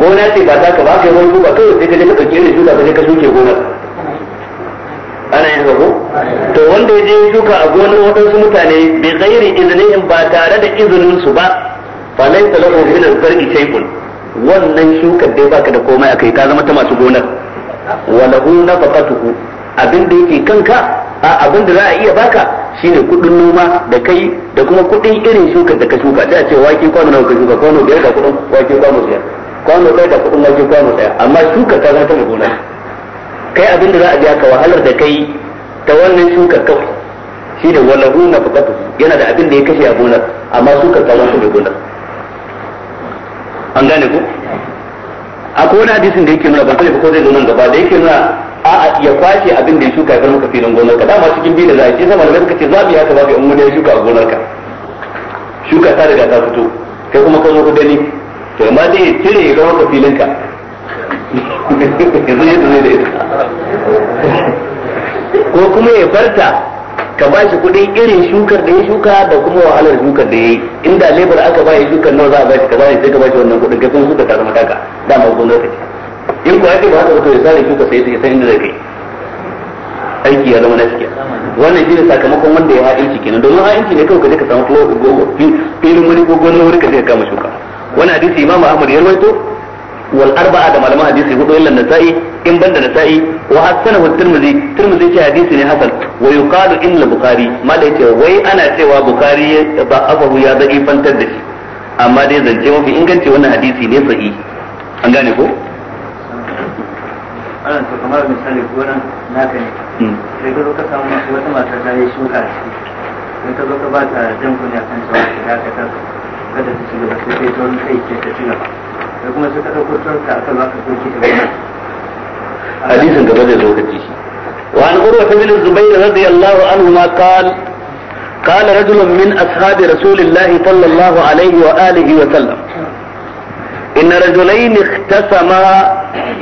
gona ce ba ta ka ba kai wani ba kai ka je ka dauke ne shuka ka je ka shuke gonar ana yin zabo to wanda ya je shuka a gonar waɗansu mutane bai gairi izinin ba tare da izinin su ba fa lai talahu min al-farqi shay'un wannan shukar dai baka da komai akai ka zama ta masu gonar wa lahu nafaqatuhu abin da yake kanka a abin da za a iya baka shine kudin noma da kai da kuma kudin irin shuka da ka shuka da ce wake kwano nawa ka shuka kwano biyar da kudin wake kwano biyar kwano ɗaya da kudin wake kwano ɗaya amma shuka ta zama ta gonar. kai abin da za a biya ka wahalar da kai ta wannan shukar kawai shi ne wannan hu na fukatu yana da abin da ya kashe a gonar amma shukar ta wasu da gonar an gane ko akwai wani hadisin da yake nuna ban sani ko zai zo nan gaba da yake nuna a ya kwashe abin da ya shuka ya bar maka filin gonar ka dama cikin bi da za a ce sama da suka ce za mu yi ba ka in wani ya shuka a gonar ka shuka ta riga ta fito kai kuma ka zo ka gani to amma dai ya cire ya bar maka filin ka yanzu zai da ita ko kuma ya farta ka ba shi kuɗin irin shukar da ya shuka da kuma wahalar shukar da ya yi inda lebar aka ba ya shukar nawa za a ba shi ka ba shi sai ka ba shi wannan kuɗin kai kuma shuka ta zama taka dama kun zaka ce in ko ake ba haka to ya sare shuka sai ya san inda zai kai aiki ya zama na cikin wannan shine sakamakon wanda ya haɗinci kenan domin haɗinci ne kawai ka je ka samu filin wani ko na wani ka je ka kama shuka wani hadisi imam ahmad ya rawaito wal arba'a da malaman hadisi hudu illa nasa'i in banda nasa'i wa hasanahu tirmidhi tirmidhi ce hadisi ne hasan wa yuqalu in bukhari Ma malai ce wai ana cewa bukhari ba abahu ya zai fantar da shi amma dai zance mafi inganci wannan hadisi ne sahi an gane ko ana to kamar misali gonan na ne hmm. sai ka zo ka samu wata mata ta yi shuka shi sai ka zo ka ba ta jan kunya kan cewa ka dakatar kada ta ci gaba sai ta wani kai ke ta ci gaba da kuma suka ɗauko sarka a kan haka ko ke tabbata hadisin gaba zai zo ka ji shi wa an urwa ta bin zubair anhu ma qal qala rajul min ashabi rasulillahi sallallahu alaihi wa alihi wa sallam إن رجلين اختسما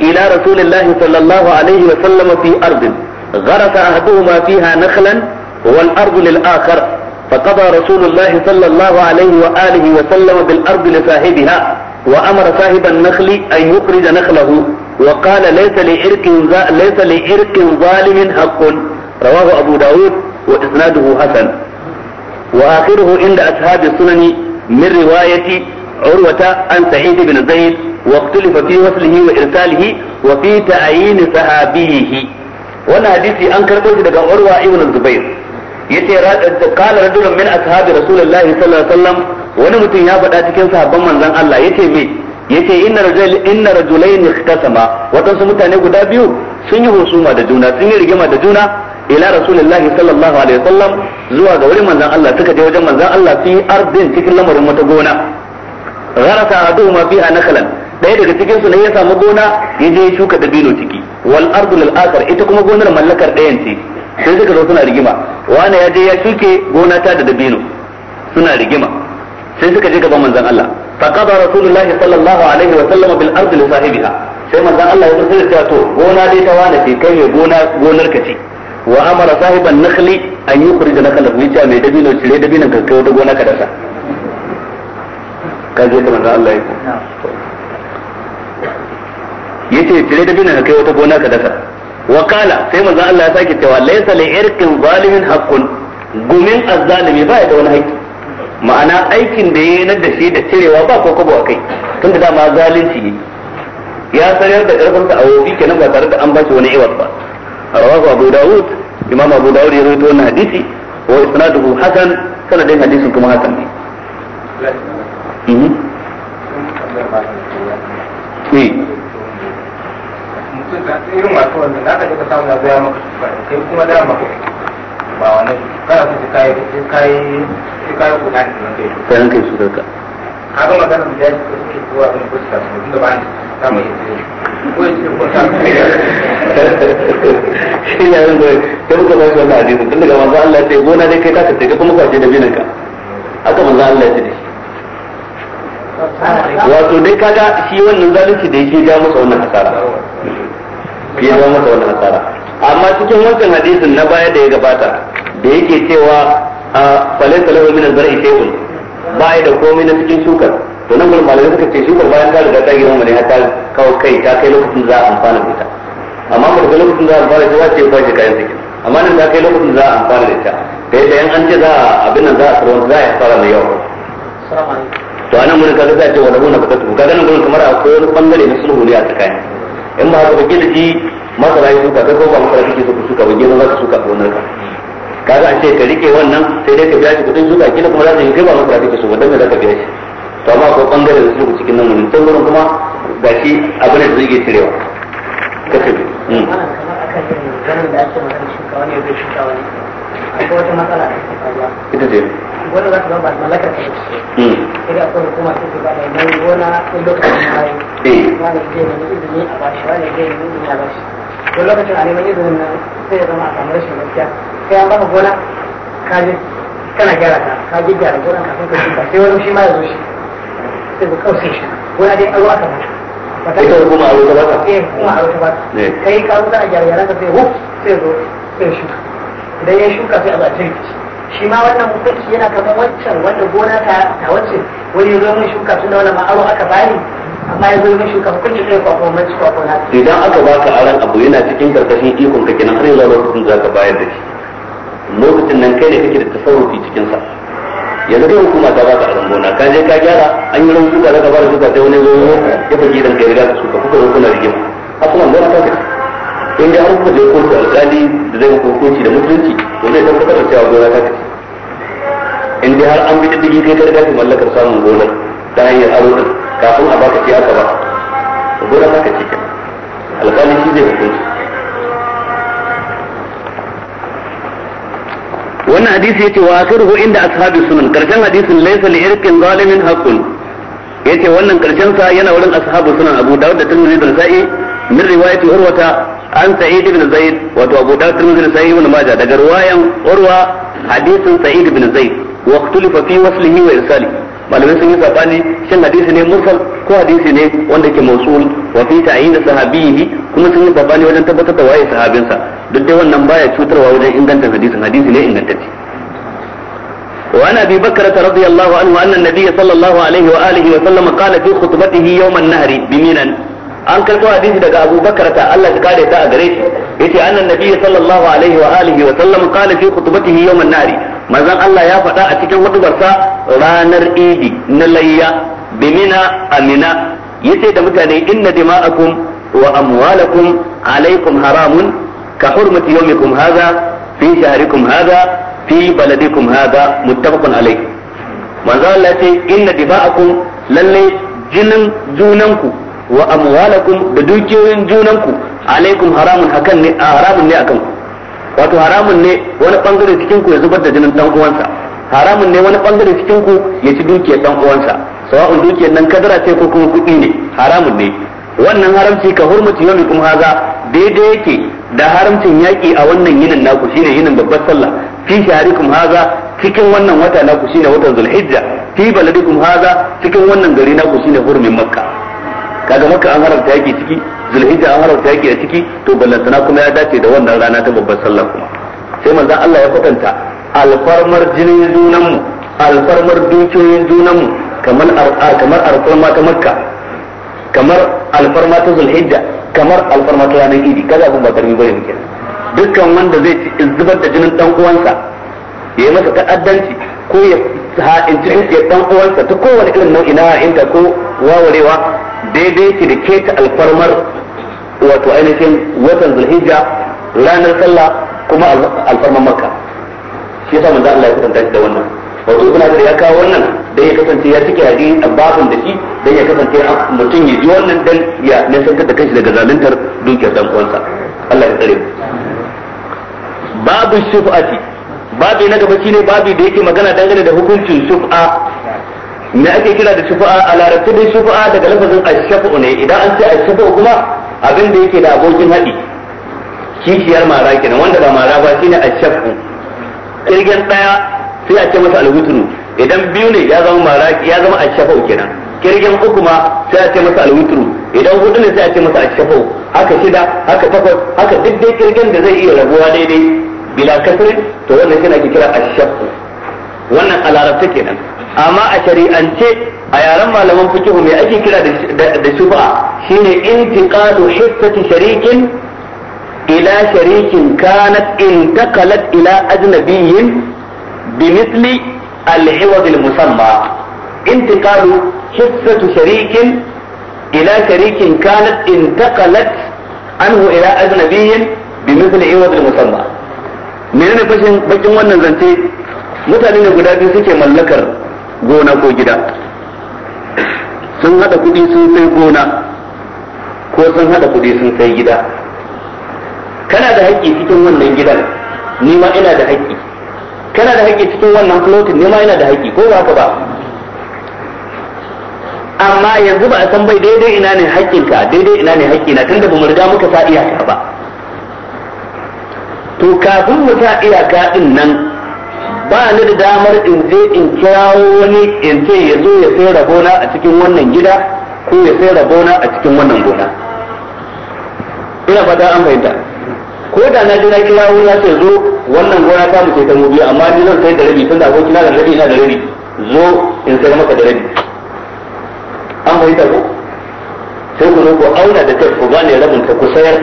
إلى رسول الله صلى الله عليه وسلم في أرض غرس أحدهما فيها نخلا والأرض للآخر فقضى رسول الله صلى الله عليه وآله وسلم بالأرض لصاحبها وأمر صاحب النخل أن يخرج نخله وقال ليس لإرك ليس لإرك ظالم حق رواه أبو داود وإسناده حسن وآخره عند أصحاب السنن من رواية عروة عن سعيد بن زيد واختلف في وصله وإرساله وفي تعيين صحابيه wannan hadisi an karɓo shi daga Urwa ibn Zubair yace qala rajulun min ashabi Rasulullahi sallallahu alaihi wasallam wani mutum ya faɗa cikin sahabban manzon Allah yace me yace inna rajul inna rajulain ikhtasama wadansu mutane guda biyu sun yi husuma da juna sun yi rigima da juna ila rasulullahi sallallahu alaihi wasallam zuwa ga wurin manzon Allah suka je wajen manzon Allah yi ardin cikin lamarin wata gona gharasa aduma fiha nakhalan daya daga cikin su ne ya samu gona ya je shuka dabino ciki wal ardu lil akhar ita kuma gonar mallakar dayan ce sai suka zo suna rigima wani ya je ya shuke gona ta da dabino suna rigima sai suka je gaban manzon Allah fa qada rasulullahi sallallahu alaihi wa sallam bil ardi li sahibiha sai manzon Allah ya sai cewa to gona dai ta wani ce kai gona gonar ka ce wa amara sahiban nakhli an yukhrij nakhlahu yace mai dabino cire dabinan ka kai da gona ka dasa ka je ta manzon Allah ya yace cire dabinan ka kai ta gona ka dasa wa kala sai manzon Allah ya sake cewa laysa li irqin zalimin haqqun gumin azzalimi ba ya da wani haƙƙi ma'ana aikin da yayi da shi da cirewa ba ko kobo akai tunda dama zalunci ne ya sanar da karfin sa a wofi kenan ba tare da an bashi wani iwas ba rawahu abu dawud imam abu dawud ya rawaito wannan hadisi wa isnaduhu hasan sanadin hadisin kuma hasan ne mhm. eh. mutum da irin je ka samu ya zaya maka kai kuma da maka ba wani kada su ci kai ci kai ci kai guda ne nan kai kai nan kai su daga kaga magana mu da su ke zuwa ga fuska su inda ba ni ta mai ko shi ne nan kai ka bai wannan hadisi tun daga manzo Allah sai gona dai kai ka ta kai kuma kwace da binanka haka manzo Allah ya ce wato dai kaga shi wannan zalunci da yake ja masa wannan hasara ke ja masa wannan hasara amma cikin wancan hadisin na baya da ya gabata da yake cewa a falai salamu min albar'i shay'un ba da komai na cikin shukar to nan gurin malamai suka ce shukar bayan ta riga ta girma ne ta kawo kai ta kai lokacin za a amfana da ita amma ba da lokacin za a amfana da ita ce ba shi kayan cikin amma nan za kai lokacin za a amfana da ita da yadda yan an ce za a abin nan za a sarwa za a fara mai yawa to anan gurin kaga za a ce wa rabu na ka kaga nan gurin kamar akwai wani bangare na sulhu ne a tsakani in ba ka ba kila masara ya suka kai ko ba masara kake so ka shuka ba za ka suka ko ka kaga an ce ka rike wannan sai dai ka biya shi kudin suka kina kuma za ka yi kai ba masara kake so ba za ka biya shi to amma ko bangare da sulhu cikin nan mun sai gurin kuma shi abin da zai cirewa hmm. ita ce za ka zama hmm. ce wani eh. a bashi wani da lokacin a neman izinin nan sai ya zama a samu rashin gaskiya sai an baka gona ka je kana gyara ta ka je gyara gona kafin ka shuka sai wani shi ma ya zo shi sai ku kauce shi gona dai aro aka mata ita kuma aro ta bata eh kuma aro ta bata eh. kai ka zo za a gyara gyara ka sai huf sai zo sai shuka idan ya shuka sai a ba tirki shi ma wannan hukunci yana kamar wancan wanda gona ta wacce wani ya zo mun shuka tun da wannan ma aro aka bani amma ya zo mishi kan kulli sai ko kuma mace ko na idan aka baka aran abu yana cikin karkashin ikon ka kenan har yanzu lokacin da ka bayar da shi lokacin nan kai ne kake da tasarrufi cikin sa yanzu dai hukuma ta baka aran gona ka je ka gyara an yi rawu ka daga bara suka sai wani zo ya fage dan kai riga suka ka kuka zo kuna rigima akwai wanda ta kai in da an kuka je kotu alƙali da zai muku hukunci da mutunci to zai tabbatar da cewa gona ta kai in dai har an bi diddigi kai ka riga mallakar samun gonar ta hanyar aro din kafin a baka sai aka ba to dole haka ce kenan alƙali shi zai hukunci wannan hadisi yace wa akhiruhu inda ashabi sunan karshen hadisin laysa li irqin zalimin haqqun yace wannan karshen sa yana wurin ashabu sunan Abu Dawud da Tirmidhi da sa'i min riwayati Urwata an Sa'id ibn Zaid wato Abu Dawud Tirmidhi da sa'i ibn Majah daga riwayan Urwa hadisin Sa'id ibn Zaid wa ikhtalafa fi waslihi wa irsalihi malamai sun yi sabani shin hadisi ne mursal ko hadisi ne wanda ke mausul wa fi ta'yin sahabihi kuma sun yi sabani wajen tabbatar da waye sahabinsa duk dai wannan baya cutarwa wajen inganta hadisin hadisi ne ingantacce وعن ابي بكرة رضي الله عنه ان النبي صلى الله عليه واله وسلم قال في خطبته يوم النهر بمنى an karɓo hadisi daga Abu Bakar ta Allah ya kare ta a gare shi yace annan nabi sallallahu alaihi wa alihi wa sallam qala fi khutbatihi yawm an-nahri manzon Allah ya faɗa a cikin hudubarsa ranar idi na layya bimina amina yace da mutane inna dima'akum wa amwalakum alaikum haramun ka hurmati yawmikum hadha fi shahrikum hadha fi baladikum hadha muttafaqun alayh manzo Allah ce inna dima'akum lalle jinin junanku wa amwalakum da dukiyoyin junanku alaikum haramun hakan ne haramun ne akan ku wato haramun ne wani bangare cikin ku ya zubar da jinin dan uwansa haramun ne wani bangare cikin ku ya ci dukiyar dan uwansa sawa'un dukiyar nan kadara ce ko kuma kuɗi ne haramun ne wannan haramci ka hurmuci yau kuma haza daidai yake da haramcin yaki a wannan yinin naku shine yinin babbar sallah fi sharikum haza cikin wannan wata naku shine watan zulhijja fi baladikum haza cikin wannan gari naku shine hurmin makka kaga makka an haramta yaƙi ciki zulhijja an haramta yake a ciki to ballantana kuma ya dace da wannan rana ta babbar sallah kuma sai manzo Allah ya kwatanta alfarmar jinin junanmu alfarmar dukiyoyin junanmu kamar kamar alfarma ta makka kamar alfarma ta zulhijja kamar alfarma ta ranar idi kaza kun ba karbi bane muke dukkan wanda zai zubar da jinin dan uwansa ya yi masa ta'addanci ko ha ha'inci ke dan uwansa ta kowane irin nau'i na inda ko wawarewa daidai ki da ke ta alfarmar wato ainihin watan zulhijja ranar sallah kuma alfarmar makka shi yasa manzo Allah ya kusanta shi da wannan wato ibn Hajar ya kawo wannan dan ya kasance ya cike hadisi babun da shi dan ya kasance mutum ya ji wannan dan ya nisantar da kanshi daga zaluntar dukiyar dan uwansa Allah ya tsare mu babu shifati babi na gaba shine babi da yake magana dangane da hukuncin shuf'a me ake kira da shuf'a a larabci dai shuf'a daga lafazin ashfa'u ne idan an ce ashfa'u kuma abin da yake da abokin haɗi kishiyar mara kenan wanda ba mara ba shine ashfa'u kirgen daya sai a ce masa alwutru idan biyu ne ya zama mara ya zama ashfa'u kenan kirgen uku ma sai a ce masa alwutru idan hudu ne sai a ce masa ashfa'u haka shida haka takwas haka duk dai kirgen da zai iya rabuwa daidai bila kasrin to wannan shi ake kira ashaqqu wannan a larabta kenan amma a shari'ance a yaren malaman fikihu mai ake kira da shufa shine intiqalu hissati sharikin ila sharikin kanat intaqalat ila ajnabiyyin bimithli al-hiwad al-musamma intiqalu hissatu sharikin ila sharikin kanat intaqalat anhu ila ajnabiyyin bimithli hiwad al-musamma menene fashin bakin wannan zance mutane ne guda biyu suke mallakar gona ko gida sun hada kudi sun sai gona ko sun hada kudi sun sai gida kana da haƙƙi cikin wannan gidan ni ma ina da haƙƙi kana da haƙƙi cikin wannan flotin ni ma ina da haƙƙi ko ba ka ba amma yanzu ba a san bai daidai ina ne haƙƙinka daidai ina ne haƙƙina tunda ba mu riga muka sa iyaka ba to kafin mu ta iyaka din nan ba ni da damar in je in kirawo wani in ce ya zo ya sai rabona a cikin wannan gida ko ya sai rabona a cikin wannan gona ina fata an bayyana ko da na je na wani ya ce zo wannan gona ta mu ta mu biyu amma ni zan sai da rabi tunda aboki na da rabi na da rabi zo in sai maka da rabi an bayyana ko sai ku zo ku auna da kai ku gane rabin ka ku sayar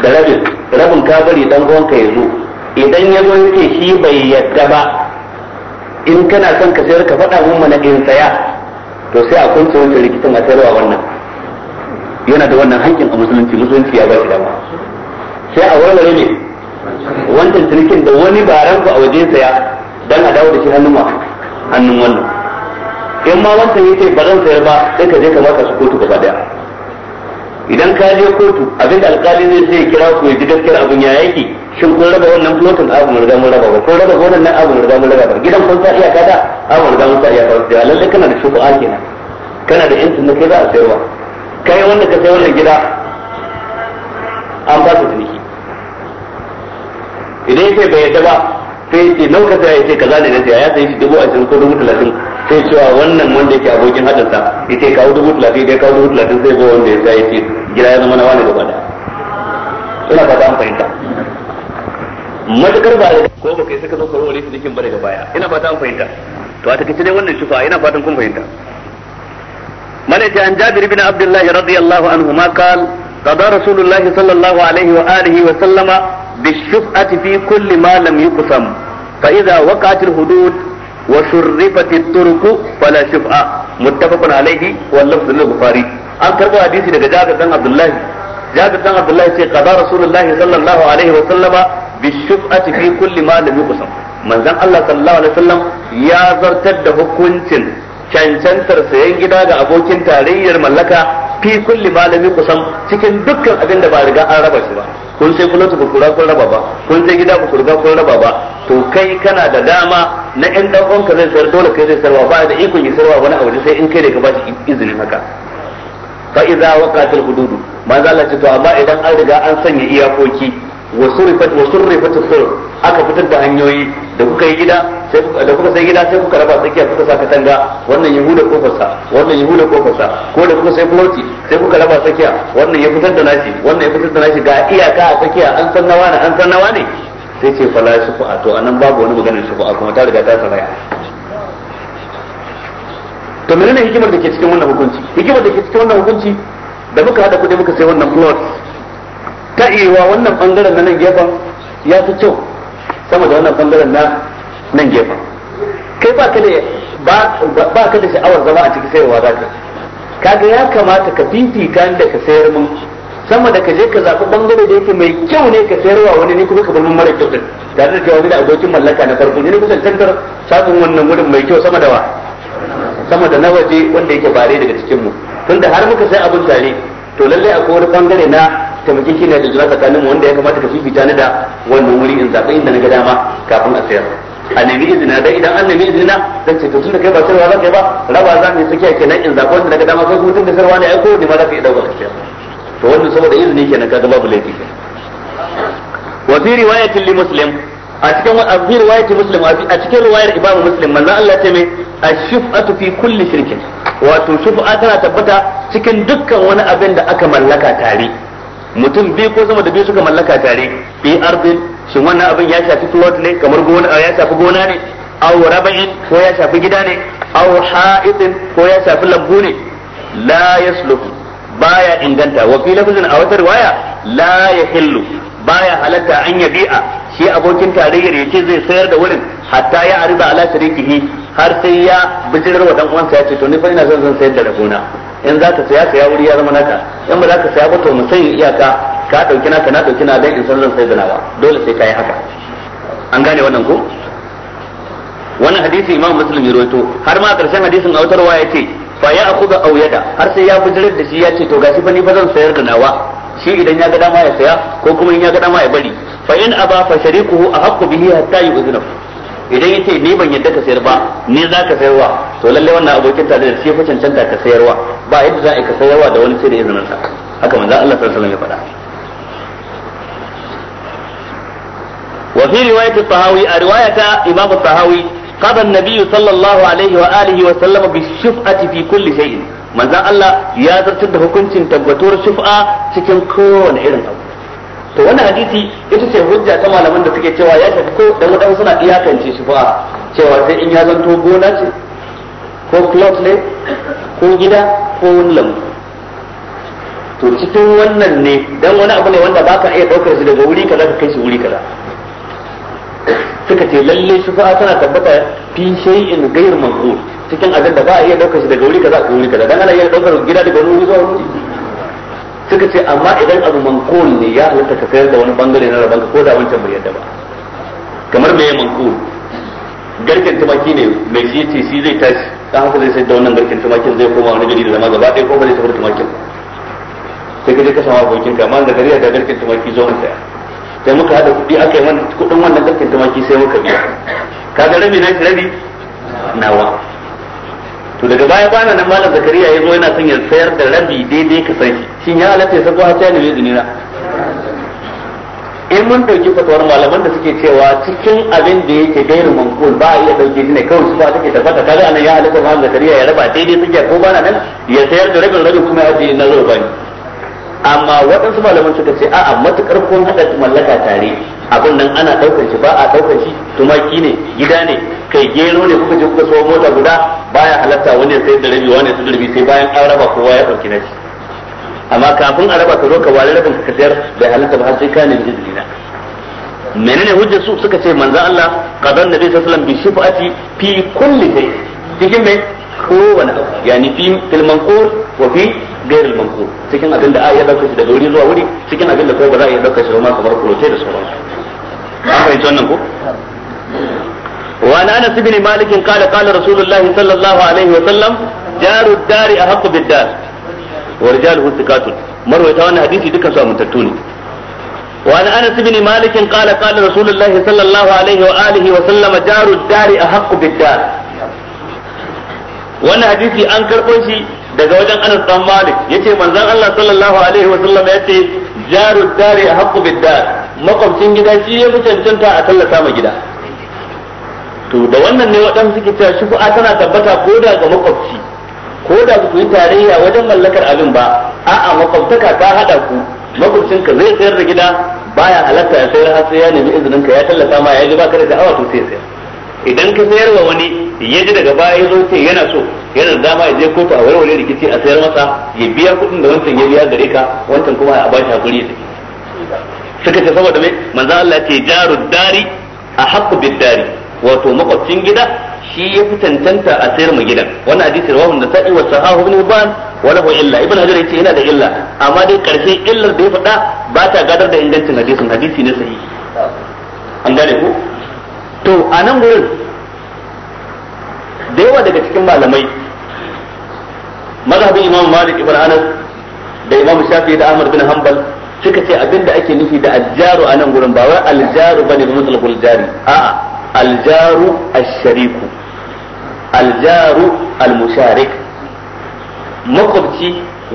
da rabin rabin ka bari dan uwanka ya zo idan ya zo yake shi bai yadda ba in kana son ka sayar ka faɗa mun mana in saya to sai a kunce wancan rikicin a sayarwa wannan yana da wannan hankin a musulunci musulunci ya ba shi dama sai a warware ne wancan cinikin da wani baran ku a waje saya dan a dawo da shi hannun hannun wannan in ma wancan yake ba zan sayar ba sai ka je ka baka su kotu gaba daya idan ka je kotu abin da alkali zai sai kira ku ya ji gaskiyar abin ya yake shin kun raba wannan plotin abu mun riga mun raba ba kun raba wannan abu mun riga mun raba ba gidan kun sa iyaka da abu mun riga mun sa iyaka ba lalle kana da shubu'a kenan kana da intin da kai za a sayarwa kai wanda ka sai wannan gida an ba ka ciniki idan yake bai yadda ba sai ce lokacin ya ce yace kaza ne na ya sai shi dubu ashirin ko dubu talatin sai cewa wannan wanda yake abokin hadin sa ce kawo dubu talatin ya kawo dubu talatin sai ba wanda ya ya ce gida ya zama na wani gaba da ina fata an fahimta matakar ba da ko ba kai suka zo karo wale shi cikin bare gaba ya ina fata an fahimta to a takaice dai wannan shufa ina fatan kun fahimta ملك عن جابر بن عبد الله رضي الله عنهما قال قضى رسول الله صلى الله عليه وآله وسلم بالشفعه في كل ما لم يقسم فاذا وقعت الحدود وشرفت الطرق فلا شفعه متفق عليه واللفظ للبخاري an karbo hadisi daga Jabir dan Abdullahi Jabir dan Abdullahi ce ma lam yuqsam manzon Allah sallallahu alaihi ya zartar da hukuncin cancantar sayan gida ga abokin tarayyar mallaka fi kulli malami kusan cikin dukkan abin da ba riga an raba shi ba kun sai fulota ba kura kun raba ba kun sai gida ba kurga kun raba ba to kai kana da dama na ɗan ɗan zai sayar dole kai zai sayarwa ba da ikon ya ba na aure sai in kai da ka ba shi izinin haka fa idza waqatil hududu za Allah ce to amma idan an riga an sanya iyakoki wa surifat wa aka fitar da hanyoyi da kuka yi gida sai da kuka sai gida sai kuka raba tsakiya kuka sa katanga wannan ya kofarsa wannan ya kofarsa ko da kuka sai fuloti sai kuka raba tsakiya wannan ya fitar da nashi wannan ya fitar da nashi ga iyaka a tsakiya an san nawa ne an san nawa ne sai ce fala a to anan babu wani maganar a kuma ta riga ta saraya to menene hikimar da ke cikin wannan hukunci hikimar da ke cikin wannan hukunci da muka hada kudi muka sai wannan plot ta iya wannan bangaren na nan gefen ya fi kyau saboda wannan bangaren na nan gefen kai ba ka da ba ka da sha'awar zama a cikin sayarwa za ka kaga ya kamata ka fifita da ka sayar mun sama da ka je ka zaɓi bangare da yake mai kyau ne ka sayarwa wani ne kuma ka bar mun mara kyau din da da cewa da abokin mallaka na farko ne kusan tantar sabon wannan wurin mai kyau sama da wa sama da na waje wanda yake bare daga cikin mu tunda har muka sai abun tare to lallai akwai wani bangare na ta ki ne da tsakanin mu wanda ya kamata ka fifita ni da wannan wuri in zaɓi inda na ga dama kafin a sayar a nemi izina dai idan an nemi izina zan ce to tunda kai ba sayarwa za ka ba raba za mu yi tsakiya kenan in zaɓi wanda na ga dama ko kuma tunda sarwa ne ai ko ne ma za ka yi ɗaukar sayar to wannan saboda izini kenan kaga babu laifi wa fi riwayatin li muslim a cikin wa fi riwayatin muslim a cikin riwayar imamu muslim manzo Allah ta mai ash-shuf'atu fi kulli shirkin wato shuf'a tana tabbata cikin dukkan wani abin da aka mallaka tare mutum biyu ko sama da biyu suka mallaka tare bi ardin shin wannan abin ya shafi plot ne kamar gona ya shafi gona ne aw raba'in ko ya shafi gida ne aw ha'idin ko ya shafi lambu ne la yasluhu baya inganta wa fi lafzin a wata riwaya la yahillu baya halatta an bi'a shi abokin tarayyar yace zai sayar da wurin hatta ya ariba ala sharikihi har sai ya bijirar wa dan uwansa ya ce to ni fa ina son zan sayar da rabona in za ka saya saya wuri ya zama naka in ba za ka saya ba to mu sai iyaka ka dauki naka na dauki na dai in san zan sai da nawa dole sai ka haka an gane wannan ko wannan hadisi imam muslim ya har ma karshen hadisin autarwa ya ce fa ya akhudha aw yada har sai ya bujirar da shi ya ce to gashi fa ni ba zan sayar da nawa shi idan ya ga dama ya saya ko kuma in ya ga dama ya bari fa in aba fa sharikuhu ahaqqu bihi hatta yu'zinahu idan ya ce ni ban yadda ka sayar ba ni za ka sayarwa to lallai wannan abokin tare da shi fa cancanta ka sayarwa ba yadda za ka sayarwa da wani sai da izinin sa haka manzo Allah sallallahu alaihi wasallam ya faɗa wa fi riwayat tahawi a riwayata imam tahawi qada an-nabiy sallallahu alaihi wa alihi wa sallam bi shuf'ati fi kulli shay'in manzo Allah ya zartar da hukuncin tabbatuwar shuf'a cikin kowane irin abu to wannan hadisi ita ce hujja ta malaman da suke cewa ya shafi ko dan wadan suna iyakance shi fa cewa sai in ya zanto gona ce ko plot ne ko gida ko wani lambu to cikin wannan ne dan wani abu ne wanda ba ka iya daukar shi daga wuri kaza ka kai shi wuri kaza suka ce lalle fa tana tabbata fi shay'in ghayr manqul cikin abin da ba a iya daukar shi daga wuri kaza ko wuri kaza dan ana iya daukar gida daga wuri zuwa wuri suka ce amma idan abu mankul ne ya halatta ka sayar da wani bangare na rabanka ko da wancan bai yadda ba kamar me ya manqul garken tumaki ne mai shi ce shi zai tashi dan haka zai sayar da wannan garken tumakin zai koma wani gari da zama gaba ɗaya ko ba zai tafi da tumakin sai ka je ka sama abokin ka amma da gari da garken tumaki zo mun saya sai muka hada kuɗi aka yi kuɗin wannan garken tumaki sai muka biya kaga rabi na shi rabi nawa to daga baya bana nan malam zakariya ya zo yana son ya sayar da rabi daidai ka sai shin ya halatta ya sako hata ne mai zinira in mun dauki fatawar malaman da suke cewa cikin abin da yake gairu mankul ba a iya dauke shi ne kawai su ba take tabbata kaga anan ya halatta malam zakariya ya raba daidai suke ko bana nan ya sayar da rabin rabin kuma ya ji na zo bani amma waɗansu malaman suka ce a'a matukar kun haɗa mallaka tare abin nan ana daukan shi ba a daukan shi tumaki ne gida ne kai gero ne kuka je kuka so mota guda baya halatta wani sai da rabi wani sai da rabi sai bayan an raba kowa ya dauki nashi amma kafin a raba ka zo ka ware rabin ka sayar bai halatta ba har sai ka nemi izini na menene hujjar su suka ce manzo Allah qadan nabi sallallahu alaihi wasallam bi shifati fi kulli shay cikin mai kowane abu yani fi fil manqur wa fi غير المنقول cikin abin da a ya dauka shi daga wuri zuwa wuri cikin abin da ko ba za a iya dauka shi ba kamar kulote da sauransu ba ka yi wannan ko وعن انس بن مالك قال قال رسول الله صلى الله عليه وسلم جار الدار احق بالدار ورجاله ثقات مروي تاوانا حديثي دكا سوى متتوني وعن انس بن مالك قال قال رسول الله صلى الله عليه واله وسلم جار الدار احق بالدار wannan hadisi an karɓo shi daga wajen Anas dan Malik yace manzon Allah sallallahu alaihi wa sallam yace jaru dari haqqu biddar makwabcin gida shi ya cancanta a tallata ma gida to da wannan ne wadan suke cewa a tana tabbata ko da ga makwabci ko da ku yi tarayya wajen mallakar abin ba a'a makwabtaka ta hada ku ka zai sayar da gida baya halatta ya sayar har sai ya nemi izinin ka ya tallata ma ya ji baka da awa to sai idan ka sayar wa wani ya ji daga baya ya zo yana so yana da dama ya je kotu a warware rikici a sayar masa ya biya kuɗin da wancan ya biya gare ka wancan kuma a bashi hakuri ya saki suka ce saboda mai manzo Allah ce jaru dari a haqqu bid dari wato makwabcin gida shi ya fi tantanta a sayar ma gidan wannan hadisi rawahu sa'i wa sahahu ibn hibban wa lahu illa ibn hajar yace yana da illa amma dai karshe illar da ya faɗa ba ta gadar da ingancin hadisin hadisi ne sahihi an gane ku to a nan gurin da yawa daga cikin malamai mazhabin imam malik ibn anas da imam shafi da ahmad bin hanbal suka ce abinda ake nufi da aljaru a nan gurin ba wai aljaru bane ba mutlaqul jari a'a aljaru ash-shariku aljaru al-musharik makwabci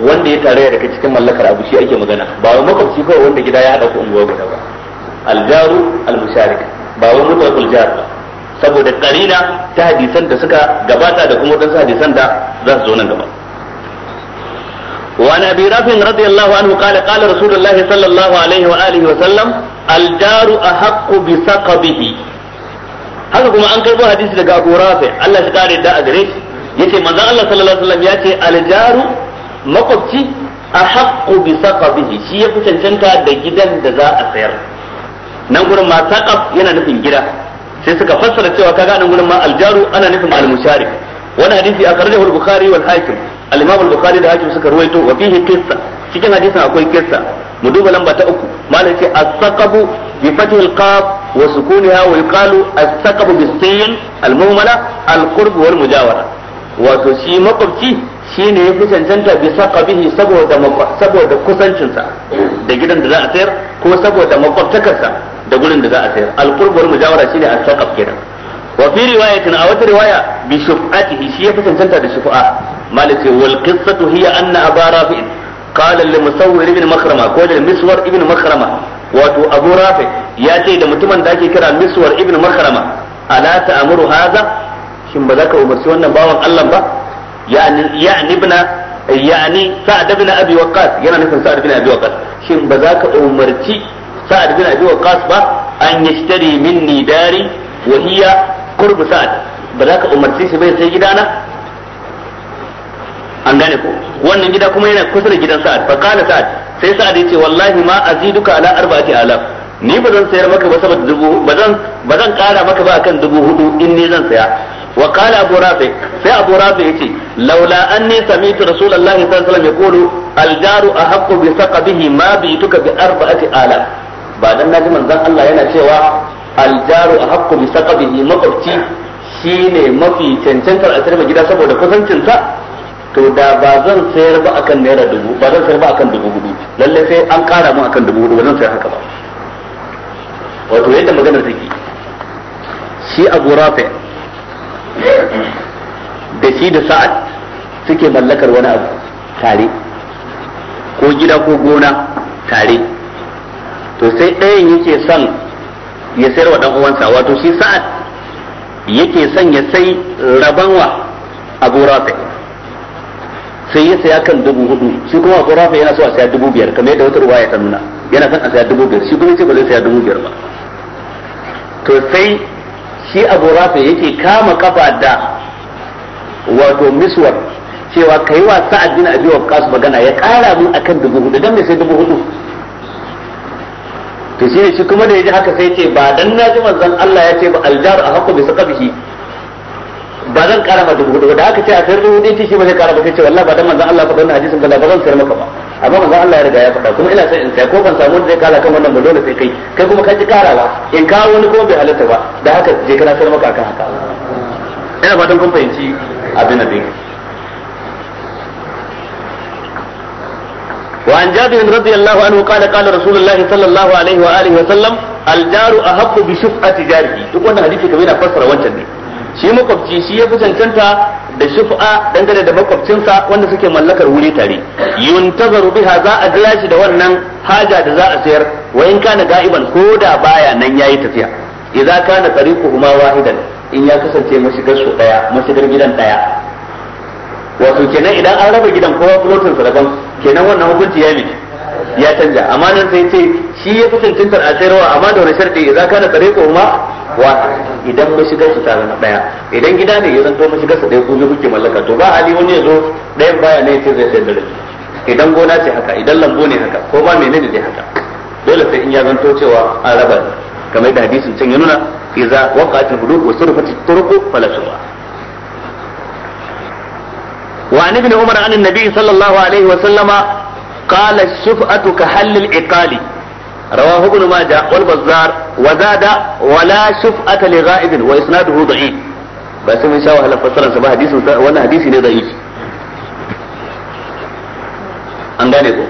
wanda ya tare daga cikin mallakar abu shi ake magana ba wai makwabci kawai wanda gida ya hada ku unguwa guda ba aljaru al-musharik ba wai mutlaq jar ba saboda karina ta hadisan da suka gabata da kuma wadansu hadisan da za su zo nan gaba وعن ابي رافع anhu الله عنه قال قال alaihi الله صلى الله عليه واله وسلم الجار احق بسقبه haka kuma an karbo hadisi daga Abu Rafi Allah shi kare da a gare shi yace manzo Allah sallallahu alaihi wasallam yace aljaru makwabci ahaqqu bi saqabihi shi ya fi cancanta da gidan da za a sayar nan gurin ma saqab yana nufin gida sai suka fassara cewa kaga nan gurin ma aljaru ana nufin al-musharik. wannan hadisi a karjahu al-Bukhari wal Hakim al-imam al-bukhari da hakim suka ruwaito wa fihi qissa cikin hadisin akwai qissa mu lamba ta uku malai ce as-saqabu bi fathi al-qaf wa sukuniha wa yuqalu as-saqabu bis-sin al-muhmala al-qurb wal mujawara wato shi makwabci shine ya fi cancanta bi saqabihi saboda saboda kusancinsa da gidan da za a sayar ko saboda makwabtakarsa da gurin da za a sayar al-qurb wal mujawara shine as-saqab kenan wa fi riwayatin a wata riwaya bi shuf'atihi shi ya fi cancanta da shuf'a malik ce wal qissatu hiya anna aba rafi qala lil musawwir ibn ko lil miswar ibn makrama wato abu rafi ya ce da mutumin da ake kira miswar ibn makrama ala ta'muru hadha shin ba za ka umarci wannan bawan Allah ba ya'ni ya'ni ibna yani sa'ad bin abi waqqas yana nufin sa'ad bin abi waqqas shin ba za ka umarci sa'ad bin abi waqqas ba an sa'ad ka umarci shi sai gidana an gane ko wannan gida kuma yana kusa da gidan sa'ad fa qala sa'ad sai sa'ad ya ce wallahi ma aziduka ala arba'ati alaf ni ba zan sayar maka ba saboda dubu ba zan ba zan kara maka ba akan dubu hudu in ne zan saya wa qala abu rafi sai abu rafi ce laula anni sami'tu rasulullahi sallallahu alaihi wasallam yaqulu al jaru ahaqqu bi saqabihi ma bi'tuka bi arba'ati alaf ba dan naji manzon Allah yana cewa al jaru ahaqqu bi saqabihi makwabci shine mafi cancantar a tsirma gida saboda kusancinsa to da ba zan sayar ba akan naira dubu ba zan sayar ba akan dubu hudu lalle sai an kara mu akan dubu hudu ba zan sayar haka ba wato yadda maganar take shi abu rafi da shi da sa'ad suke mallakar wani abu tare ko gida ko gona tare to sai ɗayan yake son ya sayar wa uwansa wato shi sa'ad yake son ya sai rabanwa abu rafi sai ya saya kan dubu hudu shi kuma abu rafi yana so a saya dubu biyar kamar yadda wata ya ta nuna yana son a saya dubu biyar shi kuma ce ba zai saya dubu biyar ba to sai shi abu rafi yake kama kafa da wato miswar cewa kai wa sa'ad bin abi waqqas magana ya kara a akan dubu hudu dan me sai dubu hudu to shi ne shi kuma da yaji haka sai ce ba dan naji manzon Allah ya ce ba aljar a bai bi saqabihi ba zan kara ma dubu hudu da aka ce a sayar da hudu shi ba zai kara ba sai ce wallahi ba dan manzon Allah faɗa wannan hadisin ba zan sayar maka ba amma manzon Allah ya riga ya faɗa kuma ina sai in sai ko ban samu wanda zai kara kan wannan ba dole sai kai kai kuma ka ji karawa in kawo wani ko bai halatta ba da haka je kana sayar maka akan haka ina fatan kun fahimci abin da وعن جابر رضي الله عنه قال قال رسول الله صلى الله عليه واله وسلم الجار أحق بشفعه جاره دوك wannan hadisi kamar yana fassara wancan ne shi makwabci shi ya fi cancanta da shufa dangane da makwabcinsa wanda suke mallakar wuri tare yuntazaru biha za a jira shi da wannan haja da za a sayar wa in kana ga'iban ko da baya nan yayi tafiya idza kana tariquhuma wahidan in ya kasance mashigar su daya mashigar gidan daya wato kenan idan an raba gidan kowa fulotin sa daban kenan wannan hukunci ya miki ya canja amma nan sai ce shi ya fi cancantar a sayarwa amma da wani sharɗi idan ka na tsare kuma wa idan mashigar su tare na ɗaya idan gida ne ya zanto mashigar su ɗaya ko biyu kuke mallaka to ba Ali wani ya zo ɗayan baya ne sai zai sayar idan gona ce haka idan lambu ne haka ko ma menene ne haka dole sai in ya zanto cewa an raba kamar da hadisin can ya nuna idza waqa'atil hudud wa surfatit turuq fala su'a وعن ابن عمر عن النبي صلى الله عليه وسلم قال الشفعة كحل العقال رواه ابن ماجه والبزار وزاد ولا شفعة لغائب وإسناده ضعيف بس من شاء الله فسر سبا حديث وانا حديثي ne ضعيف an gane ko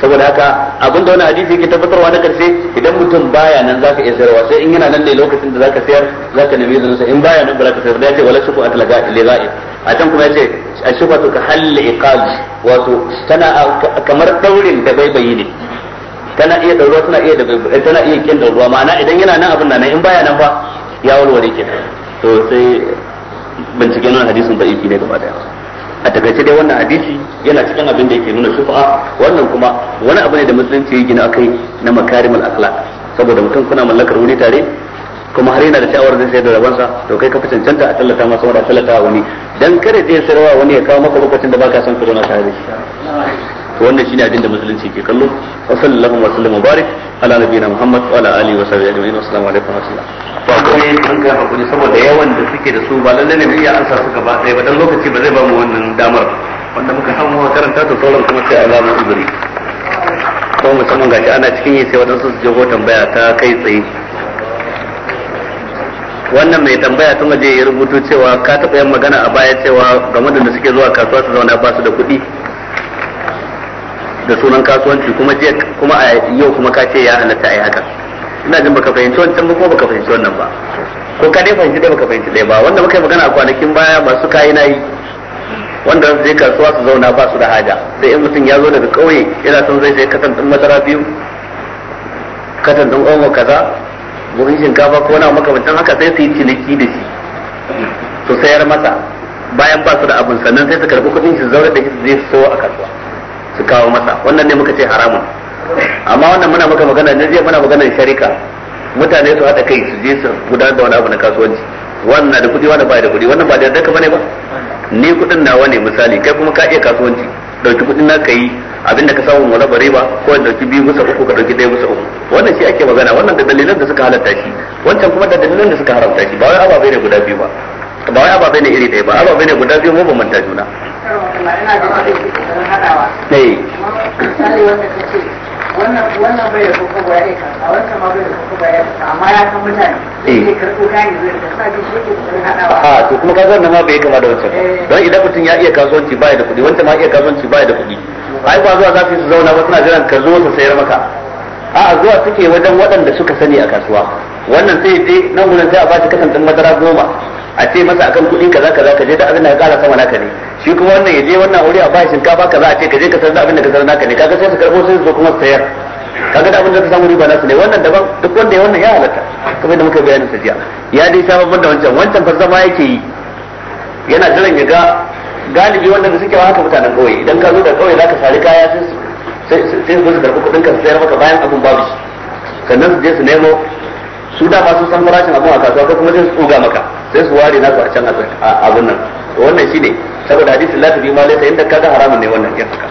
saboda haka abinda wani hadisi yake tabbatarwa na karshe idan mutum baya nan zaka iya sayarwa sai in yana nan ne lokacin da zaka sayar zaka nemi izinin sa in baya nan ba zaka sayar da yace wala shuku atlaga liza'i a can kuma yace to ka halli iqali wato tana kamar daurin da bai bayyane ne tana iya da ruwa tana iya da tana iya kin da ruwa ma'ana idan yana nan abin nan in baya nan ba ya wani ki to sai bincike nan hadisin da yake ne gaba daya a takaice dai wannan hadisi yana cikin abin da yake nuna shufa wannan kuma wani abu ne da musulunci ya gina akai na makarimul akhlaq saboda mutum kuna mallakar wuri tare kuma har yana da sha'awar zai sayar da sa to kai ka fi cancanta a tallata masa wanda a tallata wani dan kada zai sayarwa wani ya kawo maka lokacin da baka son ka na tare da shi to wannan shine abin da musulunci ke kallo wa sallallahu wa sallam mubarak ala nabiyina muhammad wa ala alihi wa sahbihi ajma'in assalamu alaikum wa barakatuh ba kuma an ga hakuri saboda yawan da suke da su ba lalle ne iya ansa su ba ɗaya ba dan lokaci ba zai ba mu wannan damar wanda muka samu wa karanta to sauran kuma sai alamu uzuri ko musamman gashi ana cikin yi sai wadansu su jago tambaya ta kai tsaye wannan mai tambaya tun waje ya rubuto cewa ka taɓa yin magana a baya cewa game da suke zuwa kasuwa su zauna ba su da kuɗi da sunan kasuwanci kuma je kuma a yau kuma ka ce ya halatta ai haka ina jin baka fahimci wancan ba kuma baka fahimci wannan ba ko ka dai fahimci dai baka fahimci dai ba wanda muka yi magana a kwanakin baya masu kayi na yi wanda su je kasuwa su zauna ba su da haja sai in mutum ya zo daga kauye yana son zai sai katan din madara biyu katan din omo kaza buhun shinkafa ko na makamantan haka sai su yi ciniki da shi su sayar masa bayan ba su da abin sannan sai su karɓi kuɗin shi zaure da shi zai so a kasuwa su kawo masa wannan ne muka ce haramun amma wannan muna maka magana ne zai muna maganar sharika mutane su haɗa kai su je su gudanar da wani abu na kasuwanci wannan da kudi wannan ba da kudi wannan ba da daka bane ba ni kudin nawa ne misali kai kuma ka iya kasuwanci dauki kudin na kai abinda ka samu wala bare ba ko da dauki biyu bisa uku ka dauki ɗaya bisa uku wannan shi ake magana wannan da dalilan da suka halatta shi wancan kuma da dalilan da suka haramta shi ba wai ababai ne guda biyu ba ba wai ababai ne iri daya ba ababai ne guda biyu ba manta juna sai ya a ah, to eh. mutum ya iya kasuwanci baya da kuɗi wancan ma iya kasuwanci ai ba zauna ba suna jiran ka zo sayar maka zuwa suke wajen suka sani a wannan sai je nan sai a ba shi kasan madara goma a ce masa akan kuɗi kaza kaza ka je da abin da ka kara sama naka ne shi kuma wannan ya je wannan wuri a bashi shinkafa kaza a ce ka je ka sanar da abin da ka sanar naka ne kaga sai su karbo sai su zo kuma su sayar kaga da abin da ka samu riba nasu ne wannan daban duk wanda ya wannan ya halatta kamar da muka bayani sa jiya ya dai sabon banda da wancan wancan farzama yake yi yana jiran ya ga galibi wanda da suke haka mutanen kauye idan ka zo da kauye zaka sari kaya sai su sai su karbi kudin ka sayar maka bayan abun babu sannan su je su nemo su da masu san farashin abun a kasuwa ko kuma sai su tsoga maka sai su ware nasu a can abun nan wannan shine saboda hadisin la tabi ma ta inda kaga haramun ne wannan yin haka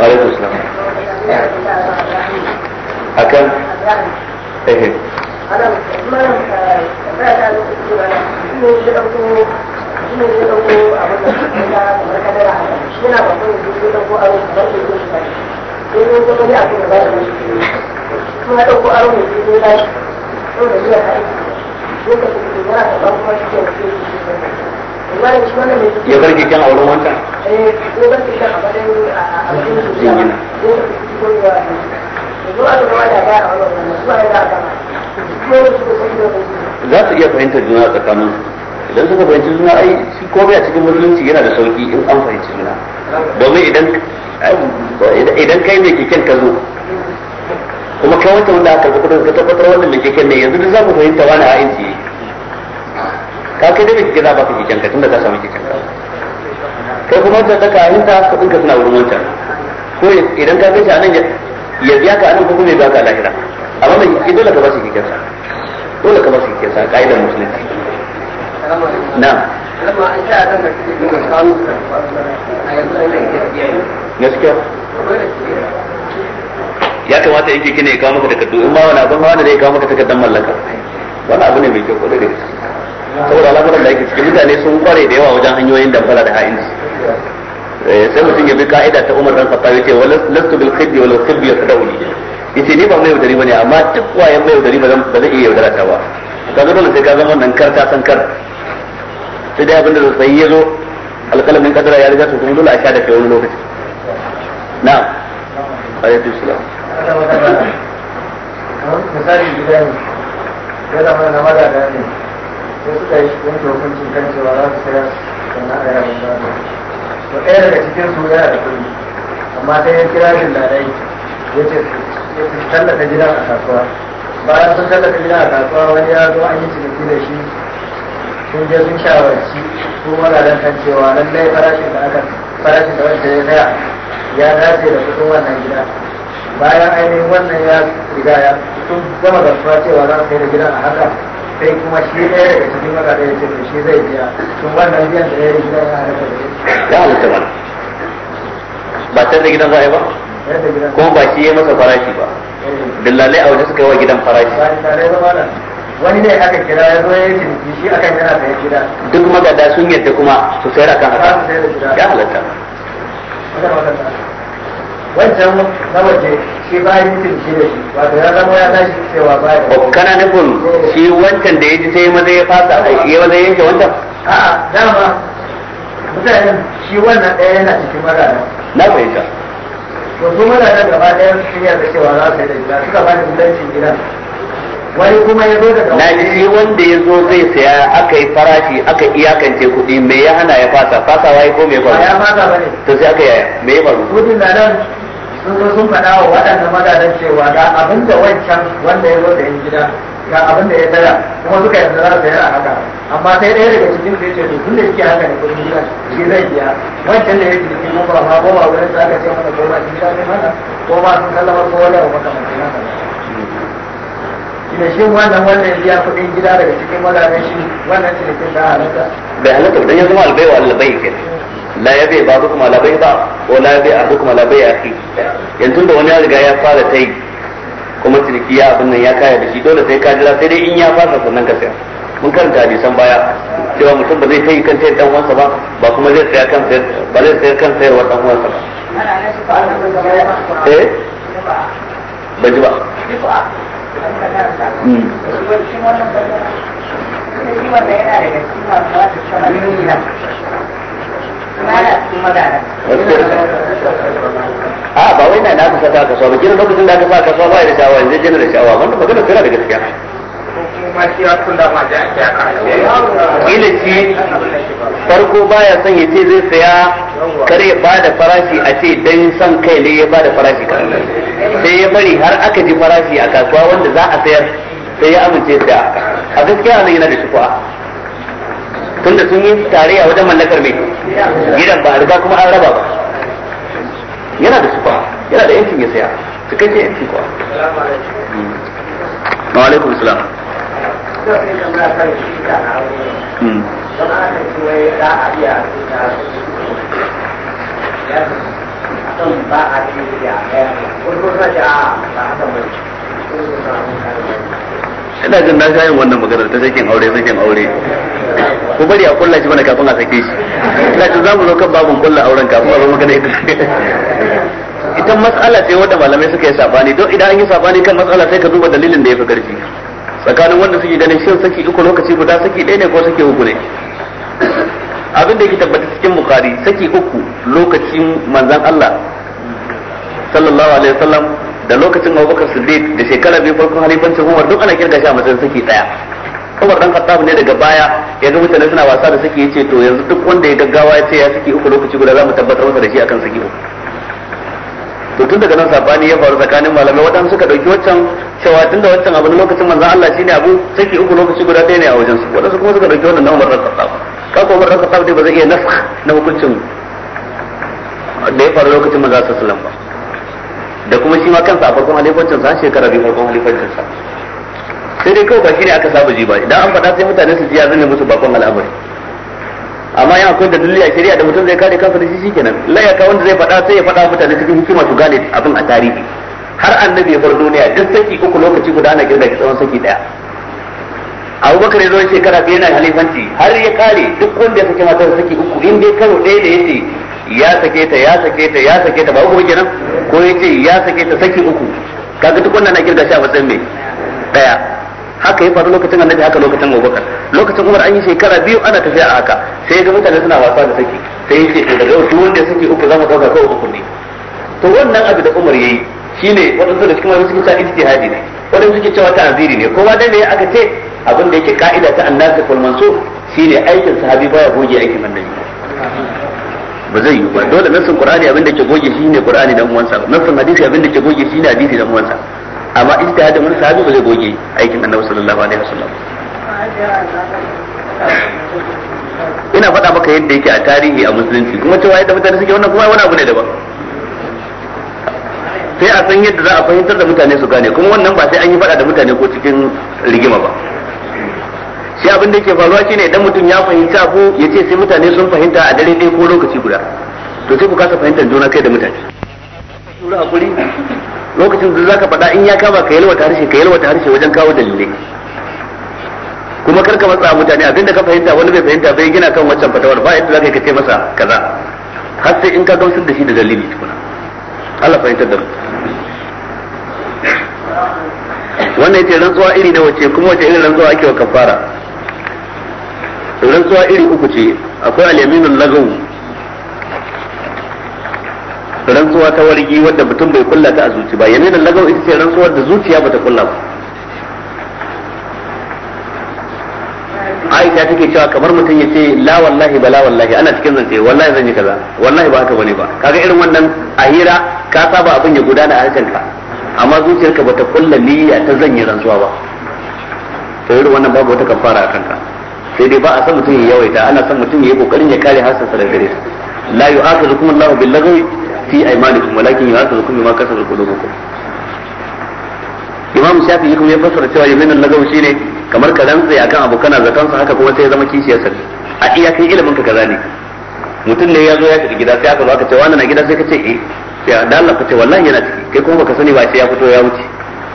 alaikum salam akan ya bar kyan auren wancan za su iya fahimtar juna tsakaninsu idan suka fahimci suna ai shi ko bai a cikin musulunci yana da sauki in an fahimci suna domin idan idan kai mai keken ka zo kuma kai wata wanda aka zuku ka tabbatar wannan mai keken ne yanzu duk za ku fahimta wani a inci ka kai dai mai keken za ba ka keken ka tunda ka samu keken ka kai kuma wancan da ka haka kuɗin ka suna wurin wancan ko idan ka gaisa anan ya biya ka anan ko kuma ya biya ka lahira amma mai keken dole ka ba shi keken sa dole ka ba shi keken sa ka'idar musulunci na'am gaskiya ya kamata yake kine ya kawo maka takardu in ma wani abin hawa da zai kawo maka takardar mallaka wani abu ne mai kyau kwarai da gaske saboda al'amuran da yake cikin mutane sun kware da yawa wajen hanyoyin damfara da ha'inci eh, sai mutum ya bi ka'ida ta umar dan khattabi ce wala lastu bil khibbi wal khibbi yasdauli yace ni ba mai yaudari bane amma duk wayan mai yaudari ba zan ba zai iya yaudara ta ba kaga dole sai ka zama nan kar ta san kar sai dai abinda da sai ya zo alƙalamin kadara ya riga su kuma dole a sha da kai wani lokaci na'am alaikum salam misali gida ne ya zama na mada da ne sai suka yi yanke hukuncin kan cewa za su sayar sannan a yaran da to ɗaya daga cikin su yana da kuɗi amma sai ya kira shi ladai ya ce su tallata gida a kasuwa bayan sun tallata gida a kasuwa wani ya zo an yi ciniki da shi sun je sun shawarci su magadan kan cewa lallai farashin da aka farashin da wanda ya tsaya ya dace da kudin wannan gida bayan ainihin wannan ya riga ya sun gama gamsuwa cewa za su da gidan a haka sai kuma shi ɗaya daga cikin magada ya ce shi zai biya sun wannan biyan da ya yi gidan ya halatta da ya halatta ba ba can da gidan za a yi ba kuma ba shi ya masa farashi ba eh. dillalai a wajen suka yi wa gidan farashi wani ne aka kira ya zo ya yi ciniki shi akan yana sayar gida duk magada sun yadda kuma su sayar akan haka ya halatta wancan na waje shi ba yi shi da shi wato ya zama ya tashi cewa ba ya oh, kana nufin shi wancan da ya ji sai maza ya fasa ya maza yanke wancan a'a dama mutanen shi wannan ɗaya yana cikin magada na fahimta to su marana gaba ɗaya sun yarda cewa za su yi da gida suka ba da mutuncin gidan wani kuma ya zo daga na shi wanda ya zo zai saya aka yi farashi aka iyakance kuɗi me ya hana ya fasa fasawa ya ko me faru ya fasa to sai aka yaya me ya faru kudin na nan sun zo sun faɗa wa waɗanda magadan cewa ga abin da wancan wanda ya zo da yin gida ga abin da ya tsaya kuma suka yarda za su sayar a haka amma sai ɗaya daga cikin ya ce to tunda yake haka ne kudin gida shi zai biya wancan da ya ji cikin ko ba ma ko ba wurin da aka ce mana ko ba gida ne mata ko ba sun kallama ko wani abu makamancin haka da shi wannan wannan biya kuɗin gida daga cikin wadannan shi wannan cinikin da halatta bai halatta dan ya zama albaiwa albai ke la ya bai babu kuma labai ba ko la ya bai abu kuma labai ya fi yanzu da wani ya riga ya fara ta yi kuma ciniki ya abin nan ya kaya da shi dole sai ka jira sai dai in ya fasa sannan ka sayar mun karanta hadisan baya cewa mutum ba zai kai kan ta dan uwansa ba ba kuma zai saya kan sayar ba zai sayar kan sayarwa dan uwansa ba eh ba ji ba a ah, ba wai na na kusa ta kasuwa ba kira lokacin da aka sa kasuwa ba ya da sha'awa yanzu jina da sha'awa wannan magana tana da gaskiya kila shi farko baya son ya ce zai saya kar ya ba da farashi a ce dan son kai ne ya ba da farashi kan sai ya bari har aka ji farashi a kasuwa wanda za a sayar sai ya amince da a gaskiya nan yana da shukuwa tunda sun yi tarayya wajen mallakar mai gidan ba a riga kuma an raba ba yana da shukuwa yana da yankin ya saya su kai yankin kuwa salam ina jin na shayin wannan maganar ta sakin aure sakin aure ku bari a kulla shi mana kafin a sake shi ina jin za mu zo kan babin kulla auren kafin a zo magana ita ita matsala ce wadda malamai suka yi sabani don idan an yi sabani kan matsala sai ka duba dalilin da ya fi karfi tsakanin wanda suke ganin shin saki uku lokaci guda saki ɗaya ne ko saki uku ne abin da yake tabbata cikin bukari saki uku lokacin manzan Allah sallallahu alaihi wasallam da lokacin Abubakar Siddiq da shekara biyu farkon halifancin Umar duk ana kirga shi a matsayin saki ɗaya Umar dan Khattab ne daga baya ya ga mutane suna wasa da saki yace to yanzu duk wanda ya gaggawa ya ce ya saki uku lokaci guda za mu tabbatar masa da shi akan saki uku to tun daga nan sabani ya faru tsakanin malamai waɗanda suka ɗauki waccan cewa tun da waccan abu na lokacin manzan Allah shine abu saki uku lokaci guda ɗaya ne a wajen su waɗansu kuma suka ɗauki wannan na Umar Khattab kaka Umar Khattab dai ba zai iya nasa na hukuncin da ya faru lokacin manzan sallallahu alaihi ba da kuma shi ma kansa a farkon halifancin sa shekara biyu farkon halifancin sa sai dai kawai ba shine aka saba ji ba idan an faɗa sai mutane su ji ya ne musu bakon al'amari amma yana akwai da dalili a shari'a da mutum zai kare kansa da shi shikenan layaka wanda zai faɗa sai ya fada mutane cikin hikima su gane abin a tarihi har annabi ya bar duniya duk saki uku lokaci guda ana girga shi tsawon saki daya abubakar ya zo shekara biyu na halifanci har ya kare duk wanda ya saki matar saki uku in dai karo ɗaya da yace ya sake ta ya sake ta ya sake ta ba uku kenan ko yace ya sake ta saki uku kaga duk wannan na girga shi a matsayin mai daya haka ya faru lokacin annabi haka lokacin abubakar lokacin umar an yi shekara biyu ana tafiya a haka sai ga mutane suna wasa da saki sai yi ce daga yau duk wanda ya saki uku zama mu ko uku ne to wannan abu da umar yayi shine wadansu da cikin wani suke cewa ijtihadi ne wadansu suke cewa aziri ne kowa da ne aka ce abin da yake ka'ida ta annabi kul mansur shine aikin sahabi baya goge aikin annabi ba zai yi ba dole nassin qur'ani abin da ke goge shine qur'ani dan uwansa nassin hadisi abin da ke goge shine hadisi dan uwansa amma ijtihadin wani sahabi ba zai goge aikin annabi sallallahu alaihi wasallam ina faɗa maka yadda yake a tarihi a musulunci kuma cewa yadda mutane suke wannan kuma wani abu ne daban sai a san yadda za a fahimtar da mutane su gane kuma wannan ba sai an yi faɗa da mutane ko cikin rigima ba sai abin da yake faruwa shine idan mutum ya fahimta abu ya ce sai mutane sun fahimta a dare ɗaya ko lokaci guda to sai ku kasa fahimtar juna kai da mutane lokacin da zaka faɗa in ya kama ka yalwata harshe ka yalwata harshe wajen kawo dalilai kuma kar ka matsa mutane abinda ka fahimta wani bai fahimta bai gina kan wancan fatawar ba yadda zaka kace masa kaza har sai in ka gamsar da shi da dalili tukuna Allah fahimtar da wannan yace rantsuwa iri na wace kuma wace irin rantsuwa ake wa kafara rantsuwa iri uku ce akwai al-yaminul lagaw rantsuwa ta wargi wadda mutum bai kulla ta a zuci ba yamin lagau ita ce rantsuwar da zuciya bata kulla ba Aisha take cewa kamar mutum yace la wallahi bala wallahi ana cikin zance wallahi zan yi kaza wallahi ba haka bane ba kaga irin wannan a hira ka saba abin ya gudana a ka amma zuciyarka bata kulla niyya ta zan yi rantsuwa ba to irin wannan babu wata kafara a kanka sai dai ba a san mutum ya yawaita ana san mutum ya yi kokarin ya kare harshensa da gare su la yu'akhidhukum Allahu bil lagwi fi aymanikum walakin yu'akhidhukum bima kasabat qulubukum Imam shafi kuma ya fassara cewa yaminan lagawi shine kamar ka rantsa akan abu kana zaton sa haka kuma sai ya zama kishiyar sa a iyakan ilimin ka kaza ne mutum ne ya zo ya shiga gida sai aka zo aka ce wannan na gida sai ka ce eh ya da Allah ka ce wallahi yana ciki kai kuma baka sani ba sai ya fito ya wuce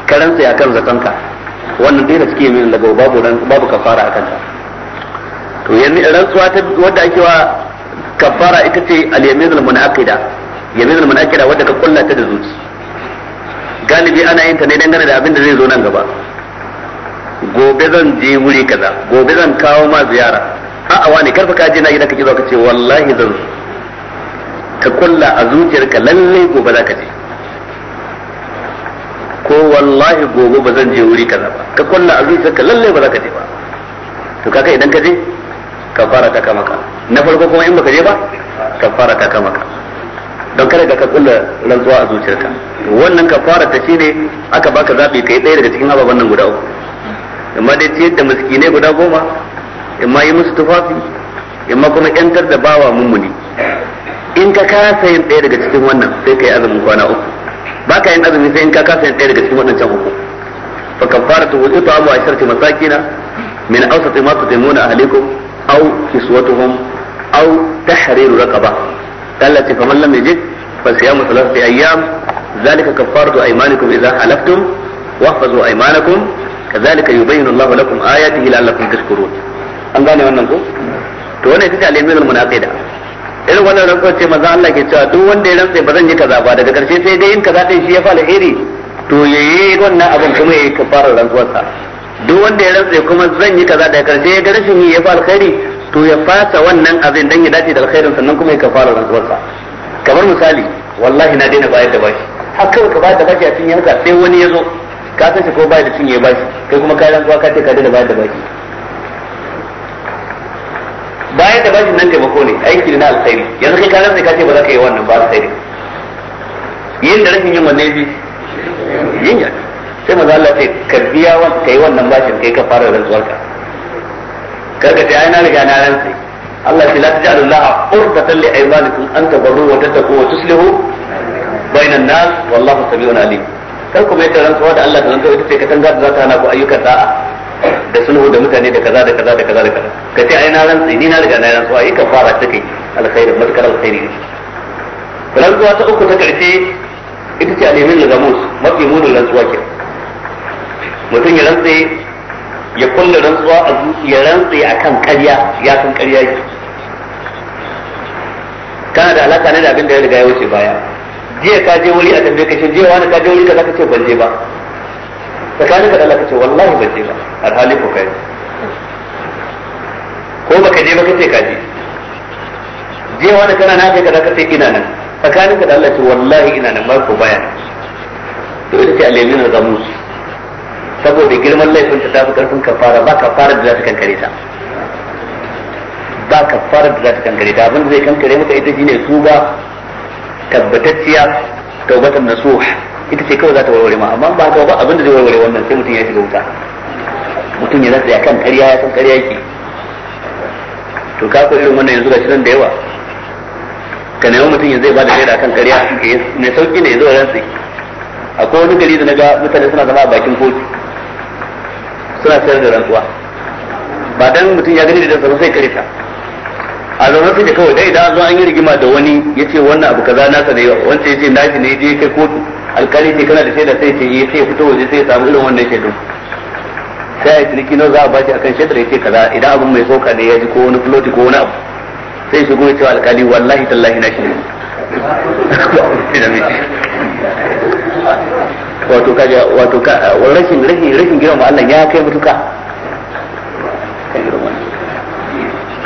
ka rantsa akan zaton ka wannan dai da suke yaminan lagawi babu babu kafara akan ta to yanzu rantsuwa ta wanda ake wa kafara ita ce al al munaqida al munaqida wanda ka kulla ta da zuci galibi ana yin ta ne dangane da abin da zai zo nan gaba gobe zan je wuri kaza gobe zan kawo ma ziyara a'a wani karfa ka je na gida kake zuwa kace wallahi zan ka kulla a zuciyarka lalle gobe za ka je ko wallahi gobe ba zan je wuri kaza ba ka kulla a zuciyarka lalle ba za ka je ba to kaka idan ka je kafara ta kama ka na farko kuma in baka je ba kafara ta kama ka don kada ka kulla rantsuwa a zuciyarka wannan kafara ta shine aka baka zabi kai ɗaya daga cikin ababen nan guda uku amma dai ciyar da miskinai guda goma amma yi musu tufafi amma kuma yantar da bawa mummuni in ka kasa yin ɗaya daga cikin wannan sai ka yi azumin kwana uku ba ka yin azumi sai in ka kasa yin ɗaya daga cikin wannan can uku fa kafaratu amma a asharati masakina min ausa awsati ma a halikun aw كسوتهم aw تحرير raqaba قال ce فمن لم يجد فصيام siyamu thalathati ذلك zalika kaffaratu aymanikum حلفتم واحفظوا wahfazu كذلك يبين الله لكم lakum لعلكم تشكرون tashkurun an gane wannan ko to wannan irin wannan ce maza Allah ke cewa duk wanda ya rantsa ba zan yi kaza ba daga karshe sai dai yin kaza din shi ya fa alheri to yayi wannan abin kuma ya yi kafarar rantsuwarsa duk wanda ya rantsa kuma zan yi kaza da karshe ya ga rashin yi ya fa alkhairi to ya fasa wannan abin dan ya dace da alkhairin sannan kuma ya kafara rantsuwarsa kamar misali wallahi na daina bayar da bashi har kawai ka bayar da bashi a cikin yanka sai wani ya zo ka san shi ko bayar da cinye bashi kai kuma ka rantsuwa ka ce ka daina bayar da bashi bayar da bashin nan taimako ne aiki ne na alkhairi yanzu kai ka rantsa ka ce ba za ka yi wannan ba alkhairi yin da rashin yin wannan yaji yin yaji sai Maza Allah sai ka biya wannan kai wannan bashin kai ka fara rantsuwarka karka ta na riga na rantsi Allah sai la tajalu laha urdatan li aymanikum an tabarru wa tattaqu wa tuslihu bainan nas wallahu samiun alim kar kuma ta rantsuwa da Allah ta rantsuwa ita ce ka tanga da zaka hana ku ayyukan sa'a da sulhu da mutane da kaza da kaza da kaza da kaza ka ce ai na rantsi ni na riga na rantsuwa yi ka fara ta kai alkhairi matakar alkhairi rantsuwa ta uku ta karshe ita ce alimin lagamus mafi munin rantsuwa ke. mutum ya rantse ya kulle rantsuwa a ya rantse kan karya ya san karya yi kana da alaka ne da abin da ya riga ya wuce baya jiya ka je wuri a tambaye ka ce jiya wani ka je wuri ka zaka ce ban je ba tsakanin ka da Allah ka ce wallahi ban je ba alhali ko kai ko baka je ba ka ce ka je jiya wani kana na kai ka ka ce ina nan tsakanin ka da ce wallahi ina nan ba ko baya to ita ce alimin zamus saboda girman laifin ta tafi karfin kafara ba kafara da za ta kankare ta ba kafara da za ta kankare ta abinda zai kankare maka ita shine ba tabbatacciya taubatan nasuh ita ce kawai za ta warware ma amma ba haka ba abinda zai warware wannan sai mutum ya shiga wuta mutum ya zata ya kan karya ya kan karya yake to ka ko irin wannan yanzu ga shirin da yawa ka nemi mutum ya zai ba da shaida kan karya mai sauki ne ya zo rantsi akwai wani gari da na ga mutane suna zama a bakin kotu suna sayar da rantsuwa ba dan mutum ya gani da dansa sai kare ta a zaune suke kawai dai idan zo an yi rigima da wani ya ce wannan abu kaza nasa ne wanda ya ce shi ne je kai kotu alkali ce kana da shaida sai ce ya ce eh, fito waje sai ya samu irin wannan shaidu sai ya ciniki nawa za a bashi akan shaidar ya ce kaza idan abin mai soka ne ya ji ko wani floti ko wani abu sai shigo ya ce alkali wallahi tallahi na shi ne [LAUGHS] wato kaje wato ka rashin rashin rashin girma Allah ya kai mutuka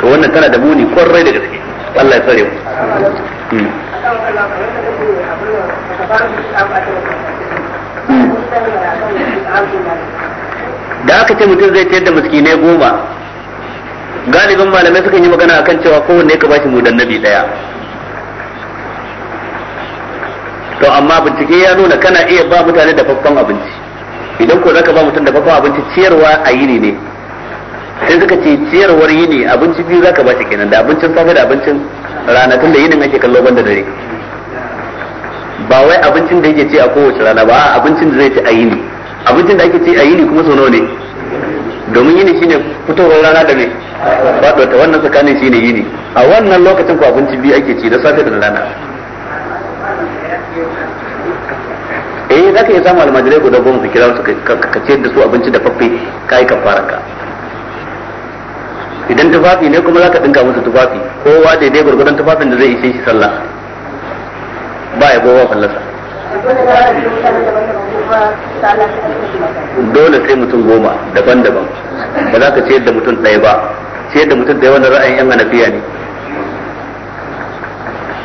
to wannan tana da muni kwarai da gaske Allah ya tsare mu hmm. da aka ce mutum zai tayar da miskinai goma galibin malamai sukan yi magana akan cewa kowanne ka bashi nabi daya to amma bincike ya nuna kana iya ba mutane da fafan abinci idan ko zaka ba mutum da fafan abinci ciyarwa a yini ne sai suka ce ciyarwar yini abinci biyu zaka ba shi kenan da abincin safe da abincin rana tun da yinin ake kallo banda dare ba wai abincin da yake ci a kowace rana ba abincin da zai ci a yini abincin da ake ci a yini kuma sono ne domin yini shine fitowar rana da mai faɗo ta wannan tsakanin shine yini a wannan lokacin ko abinci biyu ake ci da safe da rana eh za ka iya samu almajirai guda goma ka kira su ka ce da su abinci da faffe ka yi ka idan tufafi ne kuma za ka dinka musu tufafi kowa daidai gwargwadon tufafin da zai ishe shi sallah ba ya gowa fallasa dole sai mutum goma daban-daban ba za ka ce da mutum ɗaya ba ce da mutum ɗaya wannan ra'ayin yan hanafiya ne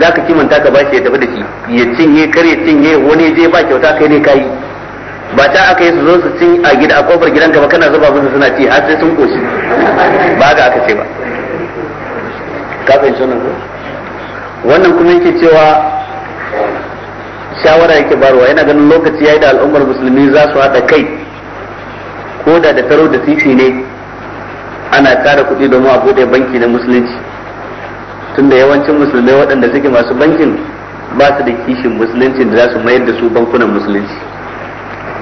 za ka kimanta ka bashi ya tafi da shi ya cinye kar ya cinye wani je ba kyauta kai ne kayi ba ta aka yi su zo su cin a gida a kofar ka ba kana zuba musu suna ci har sai sun koshi ba ga aka ce ba ka fahimci wannan ko wannan kuma yake cewa shawara yake barwa yana ganin lokaci yayi da al'ummar musulmi za su haɗa kai ko da da taro da titi ne ana tara kuɗi domin a buɗe banki na musulunci tunda yawancin musulmai waɗanda suke masu bankin ba su da kishin musulunci da za su mayar da su bankunan musulunci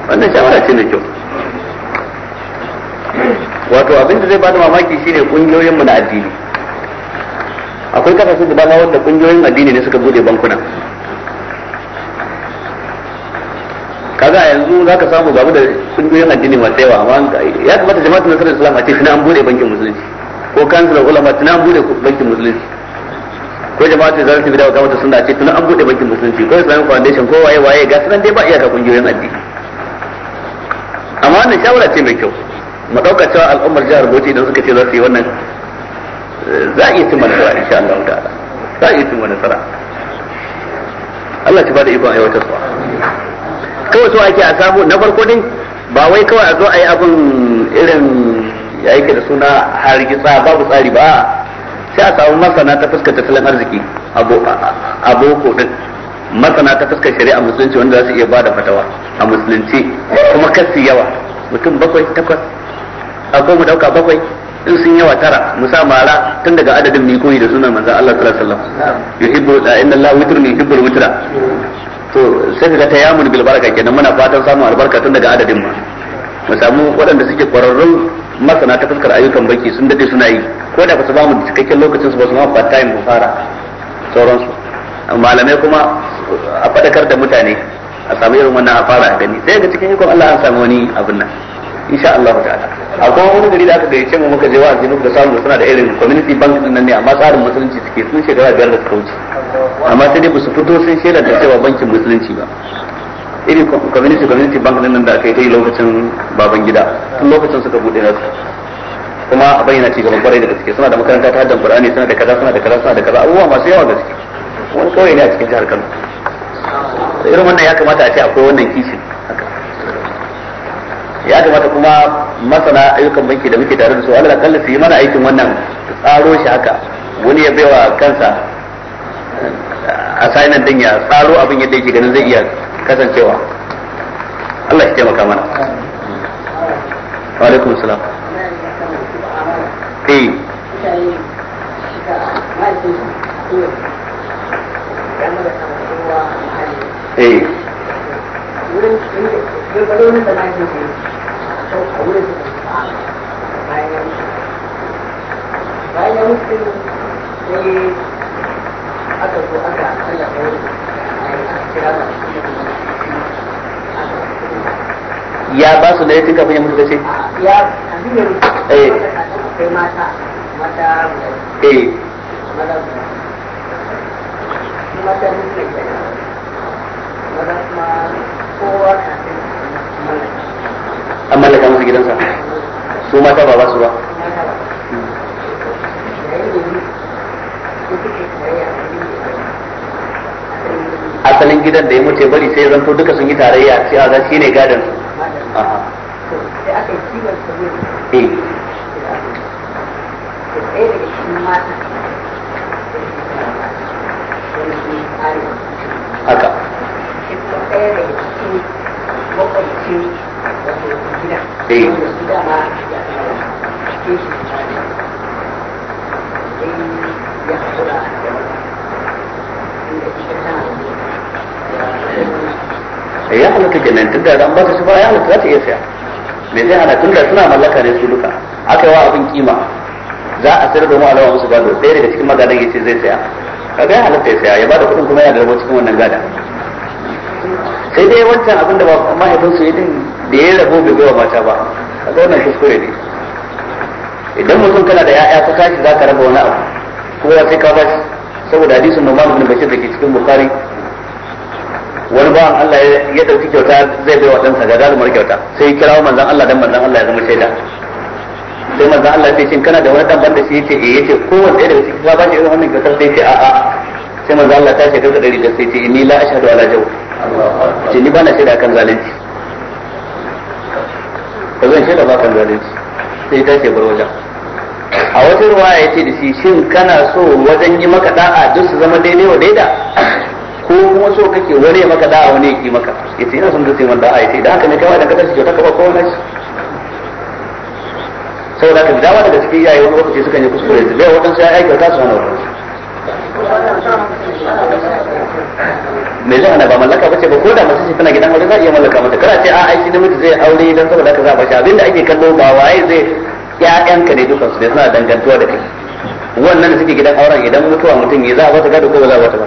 wannan shawara ce da kyau wato abin da zai bada mamaki shine kungiyoyinmu na addini akwai kasashe da na wanda kungiyoyin addini ne suka bude bankuna kaga yanzu za ka samu gabu da kungiyoyin addini masu yawa amma ya kamata jama'atul nasarar islam a ce tunan an bude bankin musulunci ko da ulama tunan an bude bankin musulunci ko jama'a ce zarafi bidawa dawo kamata sunna ce tun an bude bankin musulunci ko Islamic Foundation ko waye waye ga sunan dai ba iyaka kungiyoyin addini amma wannan shawara ce mai kyau mu dauka cewa al'ummar jihar Bauchi idan suka ce za su yi wannan eh, za a iya cin in insha Allah ta'ala za a iya cin nasara Allah ba bada ikon aiwatar su kawai so ake a samu na farko din ba wai kawai a zo a yi abin irin ya yake da suna hargitsa babu tsari ba sai a samu masana ta fuskar tattalin arziki a boko din masana ta fuskar shari'a musulunci wanda za su iya ba da fatawa a musulunci kuma kasi yawa mutum bakwai takwas akwai mu dauka bakwai in sun yawa tara musa mara tun daga adadin mikoyi da sunan manzon Allah sallallahu alaihi wasallam yuhibbu inna Allah witrun yuhibbul witra to sai ka ta yamun bil baraka kenan muna fatan samun albarka tun daga adadin ma mu samu waɗanda suke kwararrun masana ta fuskar ayyukan baki sun dade suna yi ko da ba su ba cikakken lokacin su ba su ma part time mu fara sauransu malamai kuma a fadakar da mutane a samu irin wannan a fara gani sai ga cikin ikon Allah an samu wani abin nan insha Allah ta'ala akwai wani gari da aka gayyace mu muka je wa azinu da samu suna da irin community bank din nan ne amma tsarin musulunci suke sun shekara biyar da suka wuce amma sai dai ba su fito sun shela da cewa bankin musulunci ba irin community community bank nan da aka yi ta yi lokacin baban gida tun lokacin suka bude nasu kuma a bayyana ci gaban kwarai da gaske suna da makaranta ta hajjan qur'ani suna da kaza suna da kaza suna da kaza abubuwa masu yawa gaske wani kawai ne a cikin jihar Kano irin wannan ya kamata a ce akwai wannan kishin ya kamata kuma masana ayyukan banki da muke tare da su Allah da kallasa yi mana aikin wannan tsaro shi haka wani ya baiwa kansa asainan din ya tsaro abin yadda yake ganin zai iya kasancewa Allah ya taimaka mana wa alaikum salam eh eh bayan ya ba su laifin kafin ya mutu da ce? ya kai eh. mata mata eh mata mata mata kuma kowa an mallaka musu gidansa su mata ba ba su ba gidan da ya mutu bari sai zanto duka sun yi tarayya cewa za shi ne gadon su halatta kenan tunda an baka shi ba ya halatta za ta iya saya me zai hana tunda suna mallaka ne su duka aka yi wa abin kima za a sayar domin alawa musu gado ɗaya daga cikin magadan ya ce zai saya kaga ya halatta ya saya ya bada kuɗin kuma yana da rabo cikin wannan gada sai dai wancan abin da mahaifinsu ya din da ya rabo bai gowa mata ba kaga wannan kuskure ne idan mutum kana da ya'ya ka tashi za ka raba wani abu kowa sai ka bashi saboda hadisin Numan ibn Bashir da ke cikin bukari wani bawan Allah ya dauki kyauta zai bai wa ɗansa ga galumar kyauta sai kira wa manzan Allah dan manzan Allah ya zama shaida sai manzan Allah sai shin kana da wani dan banda shi yace eh yace kowanne ɗaya daga cikin ba shi irin wannan kyautar sai yace a'a sai manzan Allah ta ce kaga dari da sai ce inni la ashhadu ala jaw ce ni bana shaida kan zalunci ba zan shaida ba kan zalunci sai ta ce barwaja a wata ruwaya yace da shi shin kana so wajen yi maka da'a duk su zama daidai wa daida ko kuma so kake wani ya maka da'a wani ya ki maka yace ina son ka sai wanda yi sai da haka ne kawai da kasar tashi kyauta ko wani shi sau da ka dawa daga cikin yayi wani lokaci sukan yi kuskure da bai wadansu ya wata su wani wadansu me zai ba mallaka ce ba ko da masu ce tana gidan aure za a iya mallaka mata kara ce a aiki namiji zai aure dan saboda ka za a bashi abinda ake kallo ba waye zai ƴaƴanka ne dukan su da suna dangantuwa da kai wannan da suke gidan auren idan mutuwa mutum ya za a bata gado ko ba za a bata ba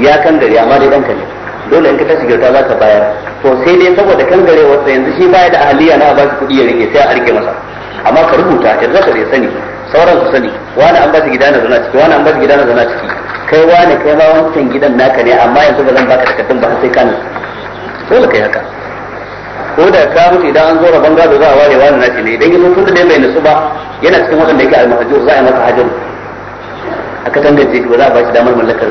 ya kan gari amma dai danka ne dole in ka tashi kyauta za ka bayar to sai dai saboda kan gare wasa yanzu shi baya da ahaliya na ba shi kuɗi ya rike sai a rike masa amma ka rubuta ya zaka da sani sauran su sani wani an ba shi gida na zana ciki wani an ba shi gida na zana ciki kai wani kai ma wancan gidan naka ne amma yanzu ba zan baka takardun ba sai kana dole kai haka ko da ka mutu idan an zo rabon gado za a ware wani naci ne idan yanzu tunda dai bai nasu ba yana cikin waɗanda yake almahajir za a yi masa hajaru a katangar shi ba za a ba shi damar mallakar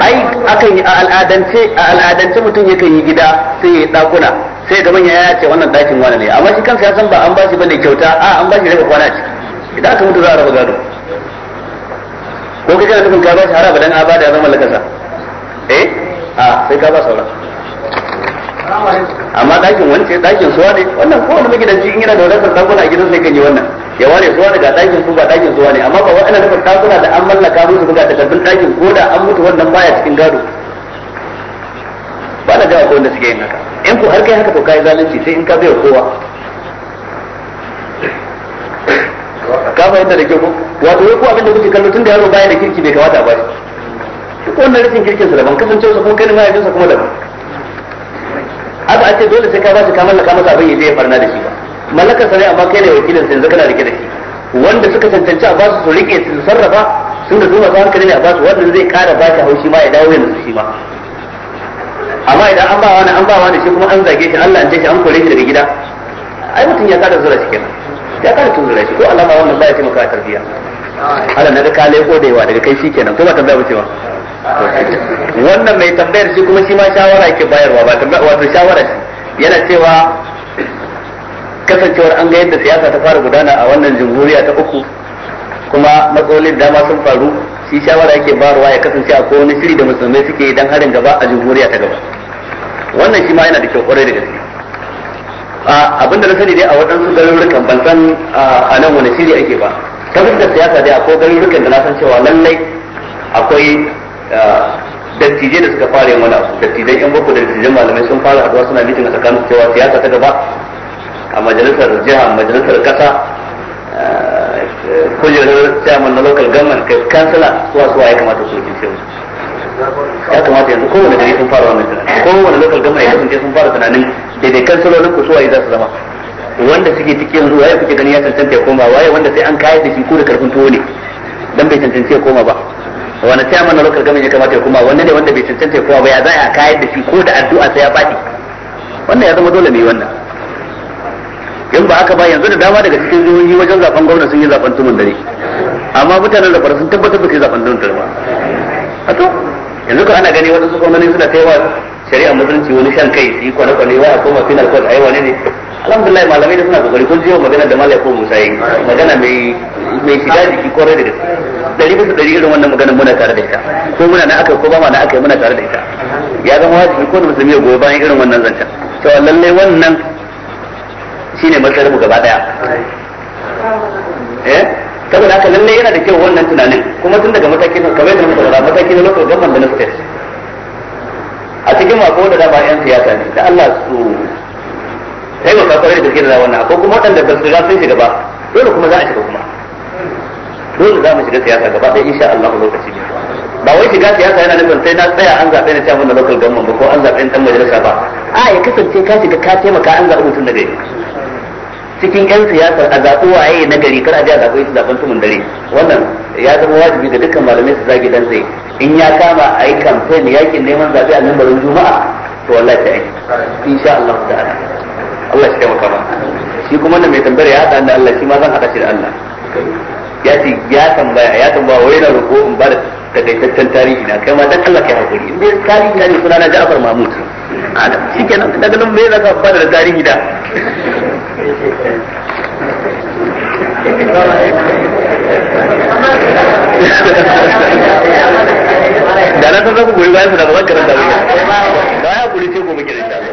ai akan yi a al'adance a al'adance mutum yakan yi gida sai ya dakuna sai ga manya ya ce wannan dakin wani ne amma shi kansa ya san ba an ba shi bane kyauta a an ba shi daga kwana ciki idan aka mutu za a raba gado ko kaje da nufin ka ba shi haraba dan a ba da ya zama lakasa eh a sai ka ba sauran amma dakin wani sai dakin suwa ne wannan kowane magidanci in yana da wadatar dakuna a gidan sai kan yi wannan ya ware zuwa daga dakin su ba dakin zuwa ne amma ba wa'ana nufin takuna da an mallaka musu daga takardun dakin ko da an mutu wannan baya cikin gado ba na jawa ko wanda suke yin haka in ku har kai haka to kai zalunci sai in ka bai kowa ka fahimta da kyau wato ya ko abin da kuke kallo tun da yaro baya da kirki bai kawata ba shi ko wannan rikin kirkin sa daban kasance su kuma kai mahaifinsa kuma daban haka ake dole sai ka ba shi ka mallaka masa abin ya je ya farna da shi ba mallakar sa ne amma kai ne wakilin sa yanzu kana rike da shi wanda suka cancanci a basu su rike su sarrafa sun da zuwa sa hankali ne a basu wanda zai kara ba shi haushi ma ya dawo yanzu shi ma amma idan an ba wani an ba wani shi kuma an zage shi Allah an je shi an kore shi daga gida ai mutum ya kada zura shi kenan ya kada zura shi ko Allah alama wannan baya taimaka tarbiya Allah na ga ka leko da yawa daga kai shi kenan ko ba tambaya ba ce ba wannan mai tambayar shi kuma shi ma shawara yake bayarwa ba tambaya wato shawara shi yana cewa kasancewar an ga yadda siyasa ta fara gudana a wannan jamhuriya ta uku kuma matsalolin dama sun faru shi shawara yake barwa ya kasance a kowane shiri da musulmai suke yi harin gaba a jamhuriya ta gaba wannan shi ma yana da kyau kwarai da gaske abinda na sani dai a waɗansu garurrukan ban san a nan wani shiri ake ba ta fuskar siyasa dai akwai garurrukan da na san cewa lallai akwai dattije da suka fara yin wani abu dattijan yan boko da dattijan malamai sun fara haɗuwa suna mitin a tsakanin cewa siyasa ta gaba a majalisar jiha majalisar kasa eh, kujerar chairman na local government kai kansila suwa suwa ya kamata su wakilce musu ya kamata yanzu kowane gari sun fara wannan tunanin kowane local government ya kasance sun fara tunanin daidai kansilolin ku suwaye za su zama wanda suke ciki yanzu waye kuke gani ya cancanta ya koma waye wanda sai an kayar da shi ko da karfin tuwo ne dan bai cancanta ya koma ba wani chairman na local government ya kamata ya koma wanda ne wanda bai cancanta ya koma ba ya za a kayar da shi ko da addu'a sai ya faɗi wannan ya zama dole ne wannan in ba aka ba yanzu da dama daga cikin jihohi wajen zaben gwamna sun yi zaben tumun dare amma mutanen da fara sun tabbatar da kai zaben tumun dare ba a to yanzu ko ana gani waɗansu gwamnati suna wa shari'a musulunci wani shan kai su yi kwane-kwane wa a koma final court a yi wani ne alhamdulillah malamai da suna kokari kun jiwa magana da malai ko musa yi magana mai mai shiga jiki kwarai da gaske dari bisa dari irin wannan magana muna tare da ita ko muna na aka ko ba ma na aka muna tare da ita ya zama wajibi ko musulmi ya goyi bayan irin wannan zancen cewa lallai wannan shine matsayar mu gaba daya eh da haka ne yana da kyau wannan tunanin kuma tun daga matakin na kamar da muka fara mataki na lokacin gaban da na state a cikin mako da dama yan siyasa ne da Allah su sai mu kafa da gaske da wannan ko kuma wadanda ba su ga sun shiga ba dole kuma za a shiga kuma dole za mu shiga siyasa gaba ɗaya insha Allah lokaci ne ba wai shiga siyasa yana nufin sai na tsaya an zaɓe na chairman na local government ba ko an zaɓe ɗan majalisa ba a ya kasance ka shiga ka taimaka an zaɓi mutum na gari cikin yan siyasar a zaɓi waye na gari kar a ji a zaɓi su zaɓen tumun dare wannan ya zama wajibi ga dukkan malamai su zagi dan sai in ya kama a yi kamfen yakin neman zaɓe a lambarin juma'a to wallahi ta yi insha Allah ta'ala Allah shi taimaka shi kuma wannan mai tambayar ya haɗa da Allah shi ma zan haɗa shi da Allah ya ce ya tambaya ya tambaya wai na roƙo in ba da takaitaccen tarihi na kai ma dan Allah kai hakuri in dai tarihi na ne suna na Ja'far Mahmud shikenan daga nan me zaka ba da tarihi da da na san zaku goyi bayan su daga bakarar da ba ya kuri ce ko muke da shi